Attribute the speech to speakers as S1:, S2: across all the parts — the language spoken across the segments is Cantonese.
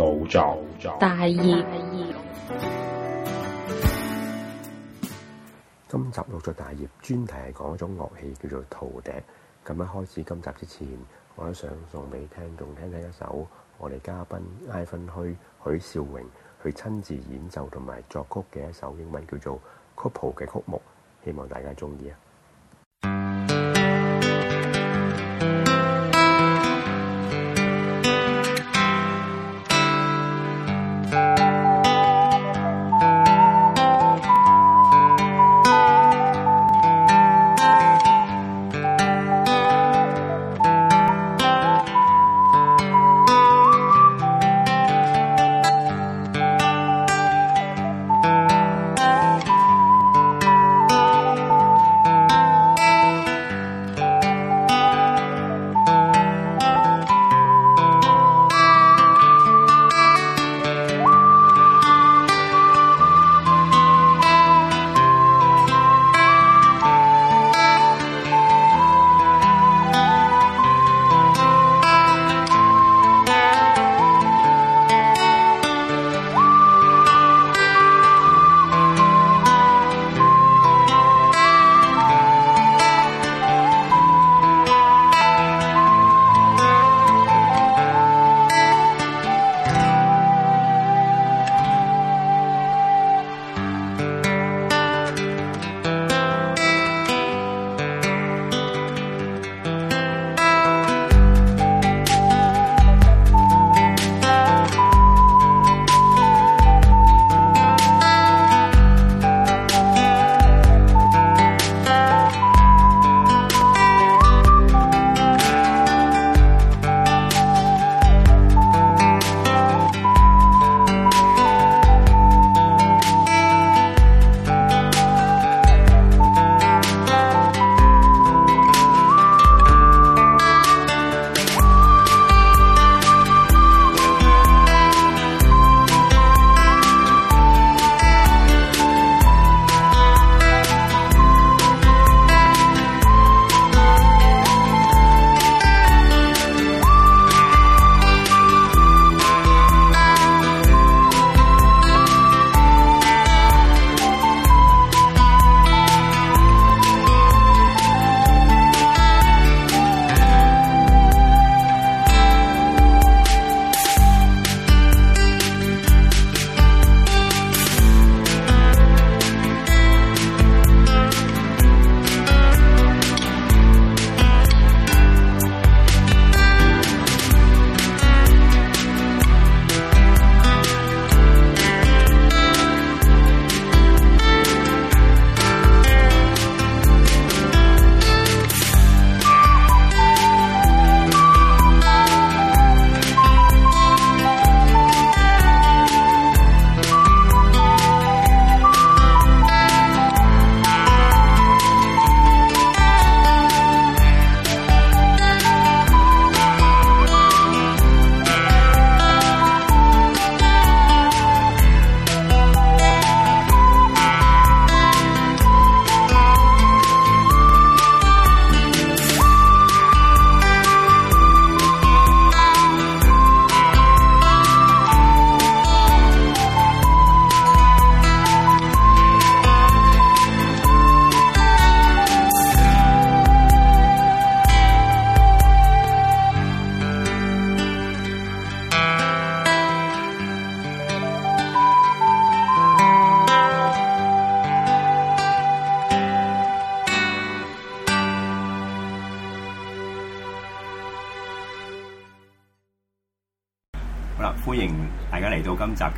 S1: 腦作，大業。今集錄咗大業，專題係講一種樂器叫做陶笛。咁一開始今集之前，我都想送俾聽眾聽聽一首我哋嘉賓埃芬虛許少榮佢親自演奏同埋作曲嘅一首英文，叫做 Couple 嘅曲目，希望大家中意啊！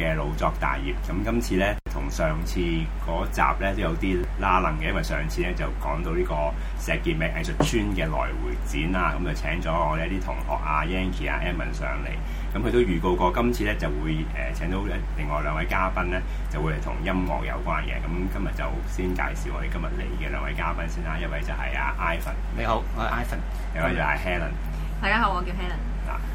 S1: 嘅腦作大業，咁今次咧同上次嗰集咧都有啲拉能嘅，因為上次咧就講到呢個石硤尾藝術村嘅來回展啦，咁就請咗我哋一啲同學啊 Yankee 啊 Eman 上嚟，咁佢都預告過今次咧就會誒、呃、請到另外兩位嘉賓咧就會同音樂有關嘅，咁今日就先介紹我哋今日嚟嘅兩位嘉賓先啦，一位就係阿 Ivan，你好，我係 Ivan，另一位就係 Helen，
S2: 大家好，我叫 Helen。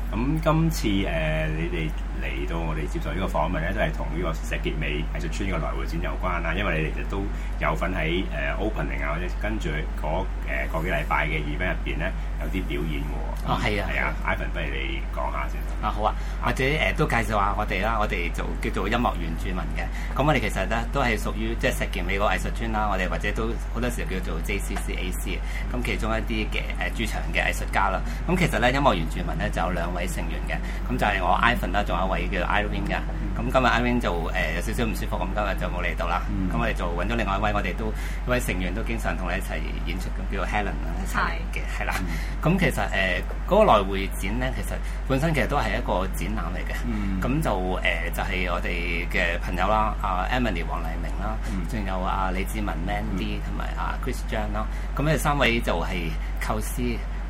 S1: 咁、嗯、今次誒、呃、你哋嚟到我哋接受呢個訪問咧，都係同呢個石硤尾藝術村嘅來回展有關啦，因為你哋其實都有份喺誒 opening 啊，或者跟住嗰誒嗰幾禮拜嘅 event 入邊咧，有啲表演嘅喎，啊係啊，Ivan 不如你講下先。啊好啊，或者誒、呃、都介紹下我哋啦，我哋做叫做音樂原住民嘅，咁我哋其實咧都係屬於即係石硤尾嗰個藝術村啦，我哋或者都好多時候叫做 JCCAC 咁其中一啲嘅誒駐場嘅藝術家啦，咁其實咧音樂原住民咧就有兩位成員嘅，咁就係我 Ivan 啦，仲有一位叫、嗯、做 Ivan 嘅，咁今日 Ivan 就誒有少少唔舒服，咁今日就冇嚟到啦，咁、嗯、我哋就揾咗另外一位，我哋都一位成員都經常同你一齊演出咁叫做 Helen 啦謝謝，一齊嘅，係啦。咁其實誒嗰、呃那個來回展咧，其實本身其實都係一個展覽嚟嘅。咁、嗯、就誒、呃、就係、是、我哋嘅朋友啦，阿、啊、Emily 王麗明啦，仲、嗯、有阿、啊、李志文 Mandy 同埋阿 Chris Jane 啦。咁呢三位就係構思，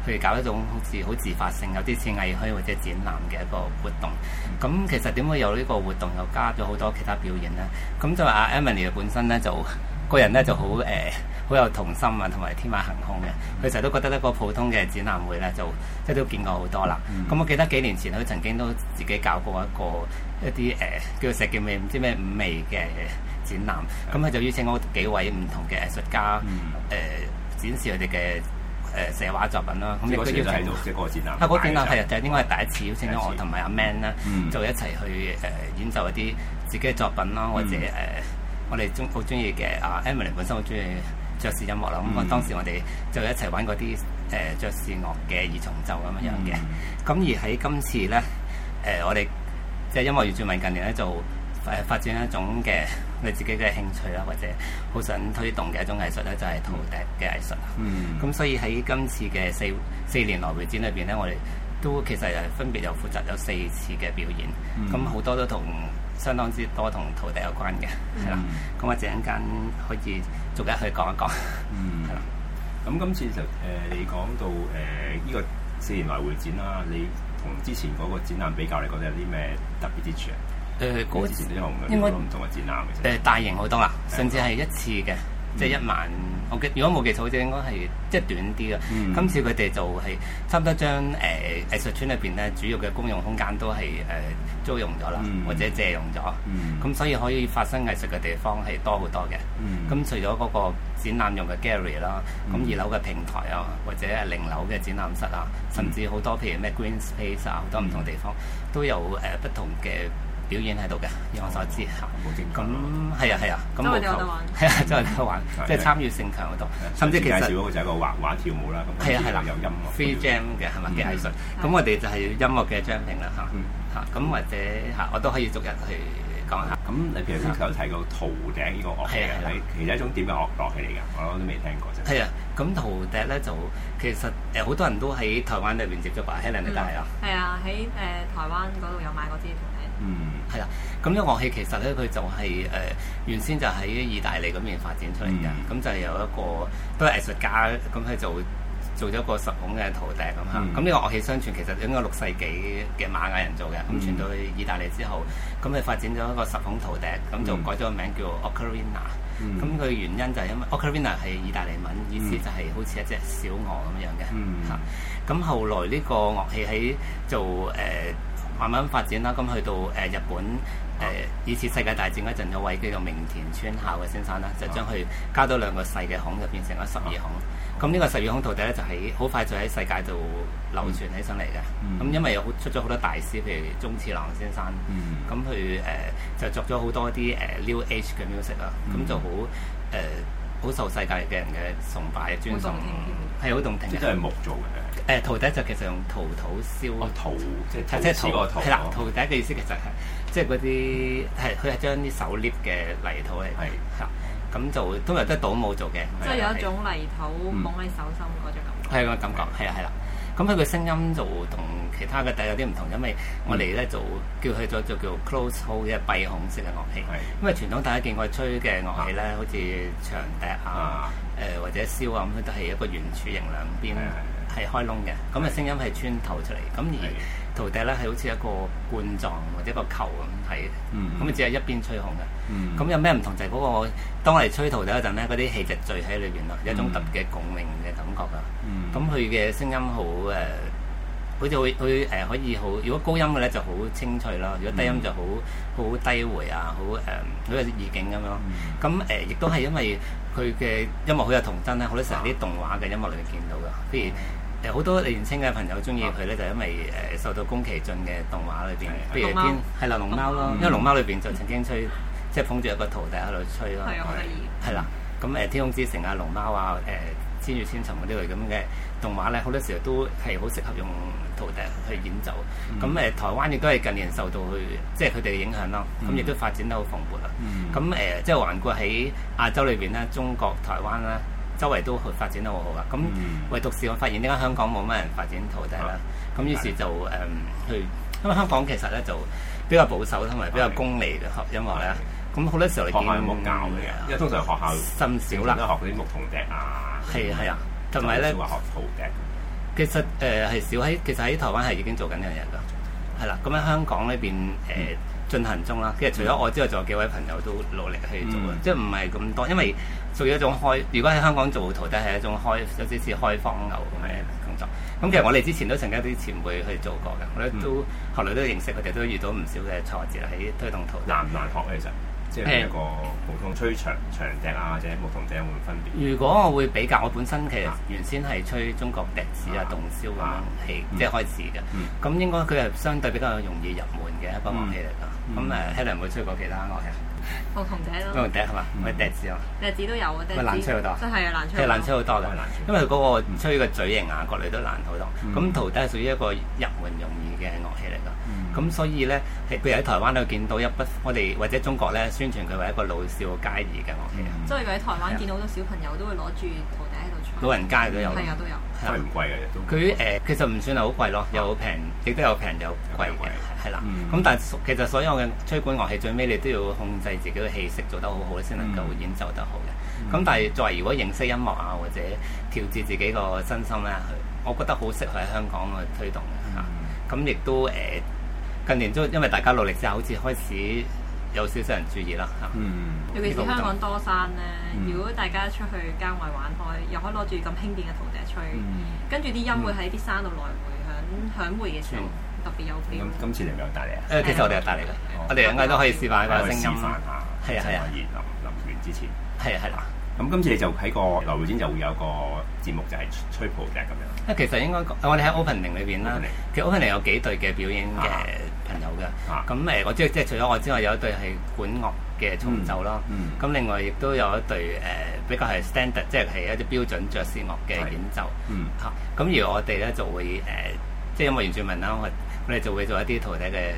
S1: 佢哋搞一種好似好自發性，有啲似藝墟或者展覽嘅一個活動。咁、嗯、其實點會有呢個活動又加咗好多其他表演咧？咁就阿、啊、Emily 本身咧就個人咧就好誒。嗯好有童心啊，同埋天馬行空嘅，佢成日都覺得一個普通嘅展覽會咧，就即係都見過好多啦。咁、嗯、我記得幾年前佢曾經都自己搞過一個一啲誒、呃、叫做石劍味唔知咩五味嘅展覽。咁佢、嗯、就邀請咗幾位唔同嘅藝術家誒、嗯呃、展示佢哋嘅誒寫畫作品啦。咁你都邀請到即係個展覽？啊嗰展覽係啊，就應該係、嗯、第一次邀請到我同埋阿 Man 啦、嗯，就一齊去誒、呃、演奏一啲自己嘅作品啦，或者誒、呃嗯、我哋中好中意嘅啊 Emily 本身好中意。嗯爵士音樂啦，咁我、嗯、當時我哋就一齊玩嗰啲誒爵士樂嘅二重奏咁樣樣嘅，咁、嗯、而喺今次咧誒、呃、我哋即係音樂與填詞近年咧就誒發展一種嘅我自己嘅興趣啦，或者好想推動嘅一種藝術咧，就係陶笛嘅藝術。嗯，咁、嗯、所以喺今次嘅四四年來回展裏邊咧，我哋。都其實誒分別又負責有四次嘅表演，咁好、嗯、多都同相當之多同徒弟有關嘅，係啦。咁我陣間可以逐一去講一講。嗯，係啦。咁今次就誒、呃、你講到誒呢、呃這個四年來會展啦，你同之前嗰個展覽比較嚟講，你覺得有啲咩特別之處啊？誒、呃，嗰次應該好多唔同嘅展覽嘅。誒、呃，大型好多啦，甚至係一次嘅，即係一萬。嗯嗯我如果冇記錯，好似應該係即係短啲啦。今次佢哋就係差唔多將誒藝術村裏面咧主要嘅公用空間都係誒租用咗啦，或者借用咗。咁所以可以發生藝術嘅地方係多好多嘅。咁除咗嗰個展覽用嘅 gallery 啦，咁二樓嘅平台啊，或者係零樓嘅展覽室啊，甚至好多譬如咩 green space 啊，好多唔同地方都有誒不同嘅。表演喺度嘅，以我所知吓，嚇。咁係啊係啊，咁無球係啊，真係，好玩，即係的，參與性強好多。嗯、甚至其實嗰個就係，一個畫畫跳舞啦，咁係啊係啦，有音樂 free jam 嘅係，咪嘅藝術？咁我哋就係音樂嘅 jamming 啦嚇嚇，咁或者嚇我都可以逐日去。講下，咁你譬如頭提過陶笛呢個樂器，其實係一種點嘅樂樂器嚟㗎，我都未聽過啫。係啊，咁陶笛咧就其實誒好、呃、多人都喺台灣入邊接觸過，喺你家係啊。係啊，喺誒、呃、台灣嗰度
S2: 有買
S3: 過
S1: 支陶笛。嗯，係啦。咁呢樂器其實咧，佢就係、是、誒、呃、原先就喺意大利嗰邊發展出嚟嘅。咁、嗯、就有一個都係藝術家，咁佢就會，做咗一個十孔嘅陶笛咁嚇，咁呢、嗯啊，這個樂器相傳其實應該六世紀嘅瑪雅人做嘅。咁傳、嗯、到去意大利之後，咁佢發展咗一個十孔陶笛，咁、嗯、就改咗個名叫 Ocarina，咁佢、嗯、原因就係因為 Ocarina 係意大利文，意思就係好似一隻小鵝咁樣嘅嚇，咁、嗯啊、後來呢個樂器喺做誒。呃慢慢發展啦，咁去到誒日本誒，以次世界大戰嗰陣有位叫做明田村孝嘅先生咧，就將佢加多兩個細嘅孔，就變成咗十二孔。咁呢個十二孔陶笛咧，就喺好快就喺世界度流傳起上嚟嘅。咁因為有出咗好多大師，譬如宗次郎先生，咁佢誒就作咗好多啲誒 new age 嘅 music 啊，咁就好誒好受世界嘅人嘅崇拜、尊崇，係好動聽嘅。都係木做嘅。誒陶笛就其實用陶土燒，陶即係即係陶，係啦。陶笛嘅意思其實係即係嗰啲係佢係將啲手捏嘅泥土嚟嘅。係啊，咁就都由得到冇做嘅，即係有一
S2: 種泥土捧喺手
S1: 心嗰種感覺，係個感覺，係啊，係啦。咁佢嘅聲音就同其他嘅笛有啲唔同，因為我哋咧就叫佢做做叫 close hold 嘅閉孔式嘅樂器。因為，傳統大家見我吹嘅樂器咧，好似長笛啊、誒或者簫啊，咁佢都係一個圓柱形兩邊。係開窿嘅，咁、那、嘅、個、聲音係穿透出嚟。咁的而徒笛咧係好似一個罐狀或者一個球咁睇，嘅，咁啊、嗯、只係一邊吹孔嘅。
S3: 咁、嗯、有咩唔
S1: 同就係、是、嗰、那個當我吹陶笛嗰陣咧，嗰啲氣就聚喺裏邊咯，有一種特別嘅共鳴嘅感覺㗎。
S3: 咁
S1: 佢嘅聲音好誒、呃，好似佢佢誒可以好，如果高音嘅咧就好清脆咯；如果低音就好好、嗯、低回啊，好誒好有意境咁樣。咁、呃、誒、呃、亦都係因為佢嘅音樂好有童真咧，好多時候啲動畫嘅音樂裡面見到㗎，譬如。誒好多年輕嘅朋友中意佢咧，就因為誒受到宮崎駿嘅動畫裏邊，譬如天，係啦，《龍貓》咯，因為《龍貓》裏邊就曾經吹，即係捧住一個陶笛喺度吹咯，係啦，咁誒《天空之城》啊，《龍貓》啊，誒《千與千尋》嗰啲類咁嘅動畫咧，好多時候都係好適合用陶笛去演奏。咁誒台灣亦都係近年受到佢，即係佢哋嘅影響咯。咁亦都發展得好蓬勃啦。咁誒即係環顧喺亞洲裏邊咧，中國、台灣啦。周圍都發展得好好啊！咁唯獨是我發現，點解香港冇乜人發展陶笛啦？咁於是就誒去，因為香港其實咧就比較保守，同埋比較功利嘅，音樂咧，咁好多時候你學校冇教嘅，因為通常學校甚少啦，都學啲牧童笛啊。係啊係啊，同埋咧少話學陶笛。其實誒係少喺，其實喺台灣係已經做緊呢樣嘢噶，係啦。咁喺香港呢邊誒進行中啦。其實除咗我之外，仲有幾位朋友都努力去做，即係唔係咁多，因為。屬於一種開，如果喺香港做陶笛係一種開，有少少似開荒牛咁樣嘅工作。咁其實我哋之前都曾經有啲前輩去做過嘅，我哋、嗯、都後來都認識佢哋，都遇到唔少嘅挫折喺推動陶笛。難唔難學其實？即係一個普通吹長長笛啊，或者牧童笛有冇分別？如果我會比較，我本身其實原先係吹中國笛子啊、洞簫咁樣器，即係、啊啊、開始嘅。咁、嗯嗯、應該佢係相對比較容易入門嘅一個樂器嚟㗎。咁誒 Helen 有冇吹過其他樂器？
S2: 紅銅笛咯，
S1: 銅笛係嘛，咪笛子咯，笛、嗯、
S2: 子都有啊，好多，即係啊，難
S1: 吹好多，多多因為嗰個唔吹嘅嘴型啊，嗯、各類都難好多。咁、嗯、陶笛屬於一個入門容易嘅樂器嚟噶，咁、嗯、所以咧，譬如喺台灣都見到一筆，我哋或者中國咧宣傳佢為一個老少皆宜嘅樂器。嗯、
S2: 所以佢喺台灣見到好多小朋友都會攞住。老人家都有，
S1: 係啊都有，都唔貴嘅都。佢誒其實唔算係好貴咯，又好平亦都有平又貴嘅係啦。咁但係其實所有嘅吹管樂器最尾你都要控制自己嘅氣息，做得好好先能夠演奏得好嘅。咁、嗯、但係作為如果認識音樂啊，或者調節自己個身心咧，我覺得好適合喺香港去推動嚇。咁亦都誒近年都因為大家努力之後，好似開始。有少少人注意啦，係嘛？尤其是香港
S2: 多山咧，如果大家出去郊外玩開，又可以攞住咁輕便嘅陶笛吹，跟住啲音會喺啲山度來回響響迴嘅時候，特別有 feel。咁
S1: 今次你咪又帶嚟啊？誒，其實我哋又帶嚟嘅，我哋兩個都可以示範一下聲音。示範下，係啊！係啊！咁、嗯、今次你就喺個攔尾展就會有個節目就係吹吹嘅咁樣。其實應該我哋喺 opening 裏邊啦，面其實 opening 有幾對嘅表演嘅朋友嘅。咁誒的，我知即係除咗我之外，有一對係管樂嘅重奏啦。咁、嗯嗯、另外亦都有一對誒、呃、比較係 standard，即係一啲標準爵士樂嘅演奏。咁、嗯啊、而我哋咧就會誒、呃，即係因為完全民啦？我哋就會做一啲陶笛嘅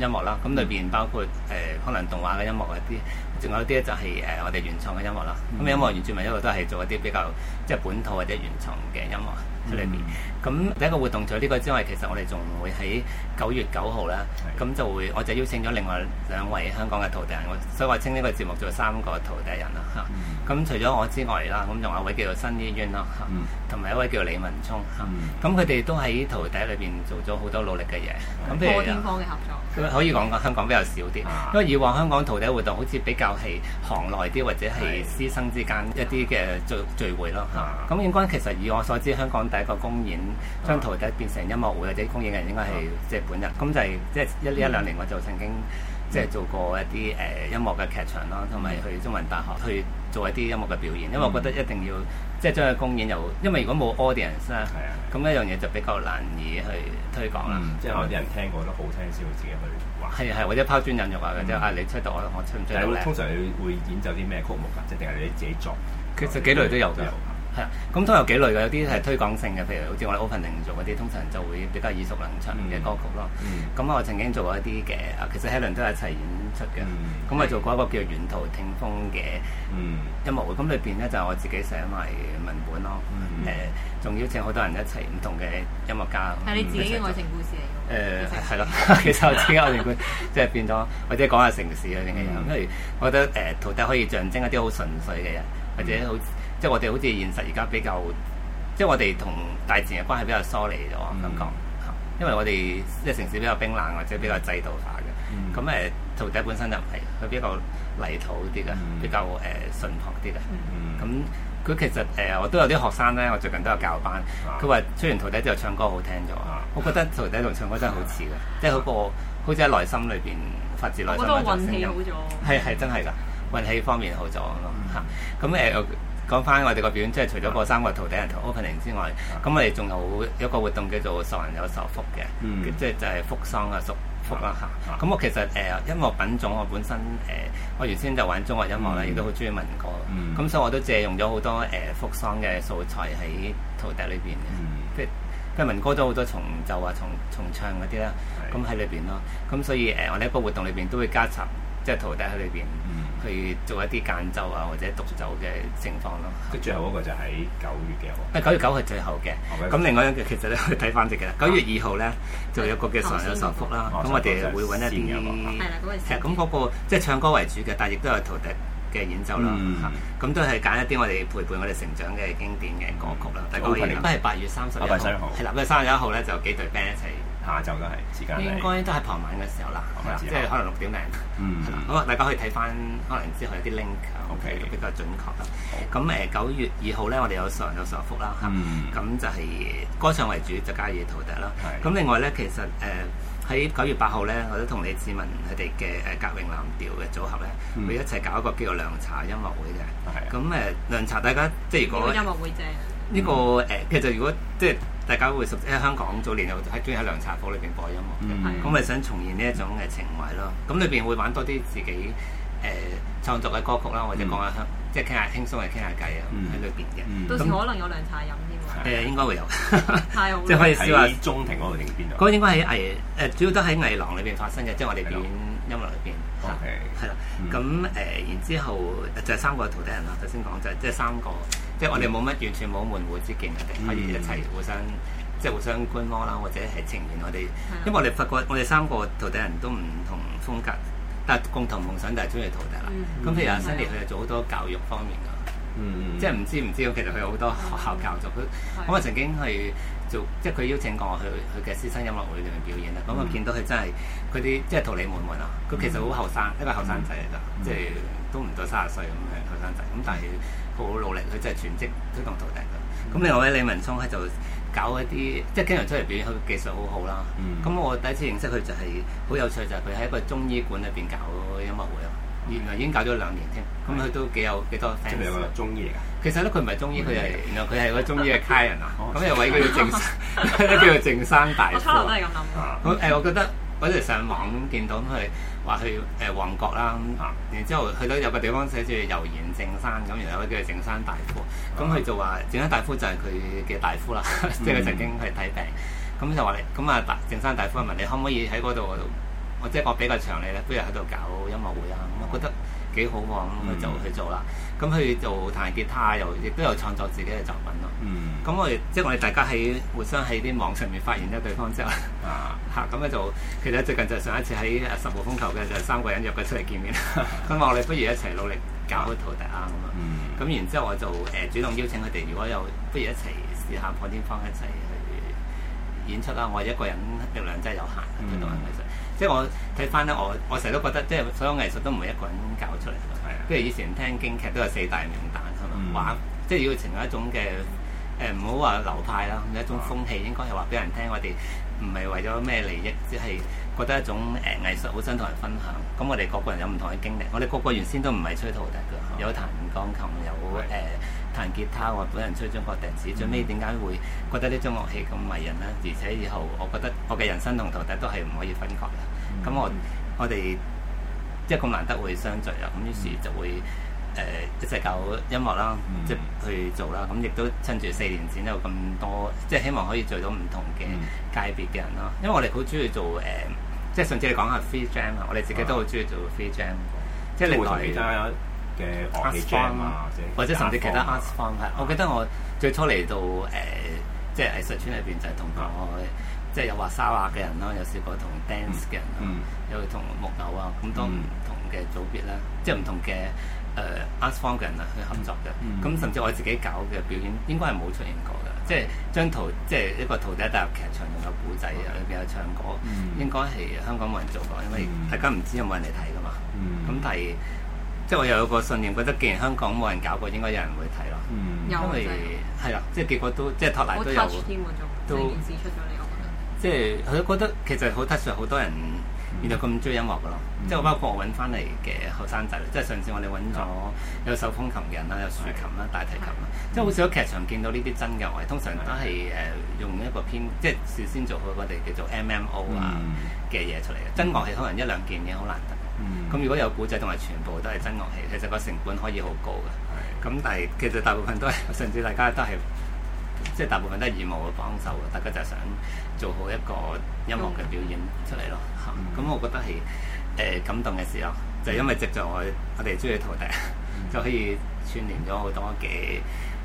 S1: 音樂啦。咁裏邊包括誒、呃、可能動畫嘅音樂一啲。仲有啲咧就係誒，我哋原創嘅音樂啦，咁、嗯、音樂原住民音樂都係做一啲比較即係、就是、本土或者原創嘅音樂喺裏、嗯、面。咁第一個活動除咗呢個之外，其實我哋仲會喺九月九號啦，咁的就會我就邀請咗另外兩位香港嘅陶笛人，我所以話稱呢個節目做三個陶笛人啦嚇。咁、嗯、除咗我之外啦，咁仲有一位叫做新煙冤咯，同埋一位叫做李文聰，咁佢哋都喺陶笛裏邊做咗好多努力嘅嘢。咁譬、嗯、如啊，破天荒嘅合作。可以講個香港比較少啲，的因為以往香港陶笛活動好似比較係行內啲或者係師生之間一啲嘅聚聚會咯嚇。咁的應該其實以我所知，香港第一個公演。將徒弟變成音樂會或者公演嘅人應該係、啊、即係本人。咁就係即係一呢一,一兩年我就曾經、嗯、即係做過一啲誒、呃、音樂嘅劇場咯，同埋去中文大學去做一啲音樂嘅表演。因為我覺得一定要即係將個公演由，因為如果冇 audience 啊、嗯，咁一樣嘢就比較難以去推廣啦。嗯、那即係可能啲人聽過都好聽先會自己去玩。係啊係，或者拋磚引玉嘅，即係、嗯、啊你出到我，我出唔出都靚。通常會會演奏啲咩曲目㗎？即係定係你自己作？其實幾類都有㗎。咁都有幾類嘅，有啲係推廣性嘅，譬如好似我哋 opening 做嗰啲，通常就會比較耳熟能詳嘅歌曲咯。咁我曾經做過一啲嘅，其實 Helen 都係一齊演出嘅。咁我做過一個叫遠途聽風嘅音樂會，咁裏邊咧就我自己寫埋文本
S3: 咯。誒，
S1: 仲邀請好多人一齊唔同嘅音樂家。係你自己嘅愛情故事嚟？誒係咯，其實我自己嘅愛情故事即係變咗，或者講下城市啊，定嘢。咁因為，我覺得誒，陶笛可以象徵一啲好純粹嘅人，或者好。即係我哋好似現實而家比較，即係我哋同大自然嘅關係比較疏離咗感覺，因為我哋即係城市比較冰冷或者比較制度化嘅。咁誒，陶笛本身就唔係佢比較泥土啲嘅，比較誒純樸啲嘅。咁佢其實誒，我都有啲學生咧，我最近都有教班。佢話：出完陶笛之後唱歌好聽咗，我覺得陶笛同唱歌真係好似嘅，即係嗰個好似喺內心裏邊發自內心嘅聲
S3: 音。
S1: 係係真係噶運氣方面好咗咁誒。講翻我哋個表演，即係除咗個三個陶笛人同 opening 之外，咁、啊、我哋仲有一個活動叫做受人有十福嘅，嗯、即係就係福喪啊、祝福啊嚇。咁我其實誒、呃、音樂品種，我本身誒、呃、我原先就玩中國音樂啦，亦、嗯、都好中意民歌，咁、嗯、所以我都借用咗好多誒、呃、福喪嘅素材喺陶笛裏邊嘅，即係即係民歌都好多重奏啊、重重唱嗰啲啦，咁喺裏邊咯。咁所以誒、呃，我呢個活動裏邊都會加插，即係陶笛喺裏邊。嗯去做一啲間奏啊，或者獨奏嘅情況咯。佢最後嗰個就喺九月嘅九月九號係最後嘅。咁另外咧，其實咧睇翻啲嘅，九月二號咧就有個嘅上有上福啦。咁我哋會揾一啲係啦，嗰位先生。咁嗰個即係唱歌為主嘅，但亦都有陶笛嘅演奏啦。咁都係揀一啲我哋陪伴我哋成長嘅經典嘅歌曲啦。但係我哋都係八月三十一號係啦，八月三十一號咧就幾隊 band 一齊。下晝都係時間，應該都係傍晚嘅時候啦，即係可能六點零。嗯，好，大家可以睇翻，可能之後有啲 link，OK 比較準確。咁誒，九月二號咧，我哋有上有上福啦嚇。咁就係歌唱為主，就加入陶笛啦。咁另外咧，其實誒喺九月八號咧，我都同李志文佢哋嘅誒《革命藍調》嘅組合咧，會一齊搞一個叫做涼茶音樂會嘅。咁誒涼茶，大家即係如果音樂
S2: 會正呢個
S1: 誒，其實如果即係。大家會熟悉喺香港早年又喺中意喺涼茶鋪裏邊播音樂嘅，咁咪想重現呢一種嘅情懷咯。咁裏邊會玩多啲自己誒創作嘅歌曲啦，或者講下，即係傾下輕鬆嘅傾下偈啊，喺裏邊嘅。到時可能
S2: 有涼茶飲添喎。誒
S1: 應該會有，即係可以試下中庭嗰度定邊度？嗰應該喺藝誒，主要都喺藝廊裏邊發生嘅，即係我哋片音樂裏邊。OK。係啦，咁誒然之後就係三個徒弟人啦，頭先講就係即係三個。即係我哋冇乜完全冇門戶之見，我哋可以一齊互相即係互相觀摩啦，或者係呈現我哋。是的 因為我哋發覺我哋三個徒弟人都唔同風格，但係共同夢想、嗯、就係中意陶笛啦。
S3: 咁譬如阿 Sunny，佢係
S1: 做好多教育方面噶，嗯、即係唔知唔知，其實佢有好多學校教做。佢，是的 我曾經去做，即係佢邀請過我去佢嘅師生音樂會裡面表演啦。咁、嗯、我見到佢真係佢啲即係桃李滿滿啊，佢其實好後生，一個後生仔嚟㗎，嗯、即係是。嗯都唔到三十歲咁樣後生仔，咁但係好努力，佢真係全職都咁陶笛。咁另外一位李文聰咧就搞一啲，即係經常出嚟表演，佢技術好好啦。咁我第一次認識佢就係好有趣，就係佢喺一個中醫館裏邊搞音樂會啊。原來已經搞咗兩年添，咁佢都幾有幾多。即係咪有個中醫嚟㗎？其實咧佢唔係中醫，佢係原來佢係個中醫嘅家人啊。咁又位佢叫靜，咧叫做正生大哥。我初頭都係咁諗。誒，我覺得我哋上網見到佢。話去誒旺角啦，呃嗯、然之後去到有個地方寫住悠然正山咁，嗯，然後叫佢正山大夫，咁、嗯、佢、嗯、就話正、嗯、山大夫就係佢嘅大夫啦，即係佢曾經去睇病，咁就話你，咁啊，正山大夫問你可唔可以喺嗰度，我即係我比較長嘅，不如喺度搞音樂會啊，咁、嗯嗯、覺得幾好喎，咁、嗯、佢、嗯、就去做啦。咁去做彈吉他，又亦都有創作自己嘅作品咯。咁、嗯、我哋即係我哋大家喺互相喺啲網上面發現咗對方之後，嚇咁咧就其實最近就上一次喺十號風球嘅就係、三個人約佢出嚟見面。咁、 嗯、我哋不如一齊努力搞好陶笛啊咁啊。咁、嗯、然之後我就誒、呃、主動邀請佢哋，如果有不如一齊試下破天荒一齊去演出啦。我一個人力量真係有限嘅，嗰種藝術。即係我睇翻咧，我我成日都覺得即係所有藝術都唔係一個人搞出嚟。即係以前聽京劇都有四大名旦係嘛？嗯、玩即係要呈現一種嘅誒，唔好話流派啦，有一種風氣、啊、應該係話俾人聽，我哋唔係為咗咩利益，只、就、係、是、覺得一種誒藝術，好想同人分享。咁我哋個個人有唔同嘅經歷，我哋個個原先都唔係吹陶笛嘅，啊、有彈鋼琴，有誒彈是、呃、吉他。我本人吹中國笛子，最尾點解會覺得呢種樂器咁迷人呢？而且以後，我覺得我嘅人生同陶笛都係唔可以分割嘅。咁我、嗯嗯、我哋。我即係咁難得會相聚啊！咁於是就會誒一齊搞音樂啦，嗯、即係去做啦。咁亦都趁住四年展有咁多，即係希望可以聚到唔同嘅界別嘅人咯。因為我哋好中意做誒、呃，即係上次你講下 free jam 啊，我哋自己都好中意做 free jam，啊、
S3: 即係另外嘅樂器 jam 啊，或者甚至其他 arts
S1: form、啊。我記得我最初嚟到誒、呃，即係藝術村裏邊就係同我。嗯即係有畫沙畫嘅人咯，有試過同 dance 嘅人，有同、mm hmm. 木偶啊，咁多唔同嘅組別啦，即係唔同嘅誒、呃、art form 嘅人去合作嘅。咁、mm hmm. 甚至我自己搞嘅表演應該係冇出現過嘅，即係將陶即係一個陶笛帶入劇場，仲有故仔，裏邊、嗯、有，有唱歌，應該係香港冇人做過，因為大家唔知有冇人嚟睇噶嘛。咁、mm hmm. 但係即係我又有個信念，覺得既然香港冇人搞過，應該有人會睇咯。Mm hmm. 因為係啦的，即係結果都即係托大都有都。即係佢覺得其實好特殊，好多人原來咁鍾意音樂嘅咯。嗯、即係包括我揾翻嚟嘅後生仔，嗯、即係上次我哋揾咗有手風琴嘅人啦，有豎琴啦，是大提琴啦。嗯、即係好少喺劇場見到呢啲真嘅樂器，通常都係誒是、啊、用一個編即係事先做好我哋叫做 M M O 啊嘅嘢、嗯、出嚟嘅。真樂器可能一兩件嘢好難得。咁、嗯、如果有古仔同埋全部都係真樂器，其實個成本可以好高嘅。咁是但係其實大部分都係甚至大家都係。即係大部分都係義務嘅幫手，大家就係想做好一個音樂嘅表演出嚟咯。嚇、嗯，咁、嗯、我覺得係誒、呃、感動嘅時候，就係、因為藉住我我哋中意陶笛，嗯、就可以串聯咗好多嘅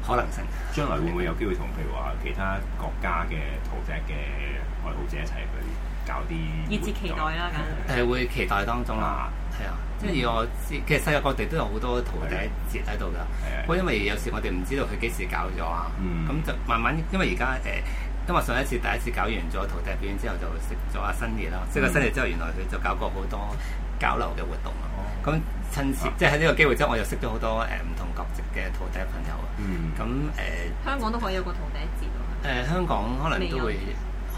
S1: 可能性。嗯、將來會唔會有機會同譬如話其他國家嘅陶笛嘅愛好者一齊去搞啲熱
S2: 切期待啦，梗係
S1: 誒會期待當中啦。係啊，即係而我知，其實世界各地都有好多陶笛節喺度㗎。不過的因為有時我哋唔知道佢幾時搞咗啊，咁、嗯、就慢慢因為而家誒，因為、呃、今日上一次第一次搞完咗陶笛表演之後就識，就食咗阿新年啦。食咗新年之後，嗯、原來佢就搞過好多交流嘅活動。咁趁、哦啊、即係喺呢個機會之後我，我又識咗好多誒唔同國籍嘅陶笛朋友。咁誒、嗯，呃、香港都可以有個
S2: 陶笛節
S1: 喎、啊嗯。香港可能都會，未有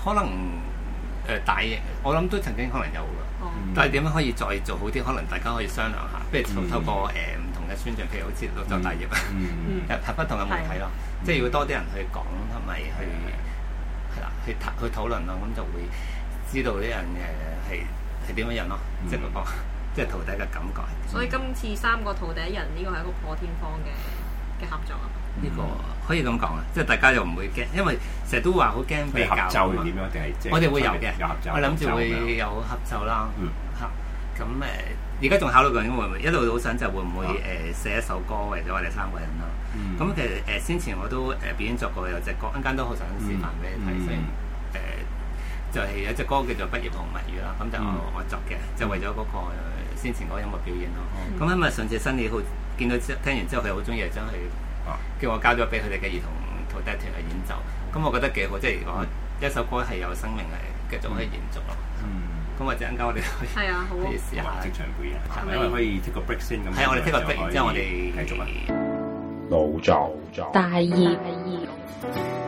S1: 可能。誒、呃、大我諗都曾經可能有㗎，哦、但係點樣可以再做好啲？可能大家可以商量下，不如透過誒唔、嗯呃、同嘅宣傳，譬如好似《腦作大業》嗯，拍 不同嘅媒體咯，嗯、即係要多啲人去講同埋去係啦、嗯，去討去討論咯，咁就會知道呢樣嘢係係點樣樣咯，嗯、即係我即係徒弟嘅感覺。所以
S2: 今次三個徒弟人呢、這個係一個破天荒嘅嘅合作啊！
S1: 呢個可以咁講啊，即係大家又唔會驚，因為成日都話好驚比較啊嘛。我哋會有嘅，我諗住會有合奏啦。嚇！咁誒，而家仲考慮緊會唔會，一路都好想就會唔會誒寫一首歌，為咗我哋三個人啊。咁其實誒先前我都誒表演作過有隻歌，陣間都好想示範俾你睇。誒就係有隻歌叫做《畢業紅蜜語》啦，咁就我作嘅，就為咗嗰個先前嗰個音樂表演咯。咁因為上次新嘢好，見到之後聽完之後佢好中意，將佢。叫我交咗俾佢哋嘅兒童陶笛團去演奏，咁我覺得幾好，即係如果一首歌係有生命嚟嘅，仲可以延續咯。咁或者等我哋可以試下即場表演，係咪可以 take 個 break 先咁？係啊，我哋 take 個 break，然之後我哋繼續。老就就，第二第二。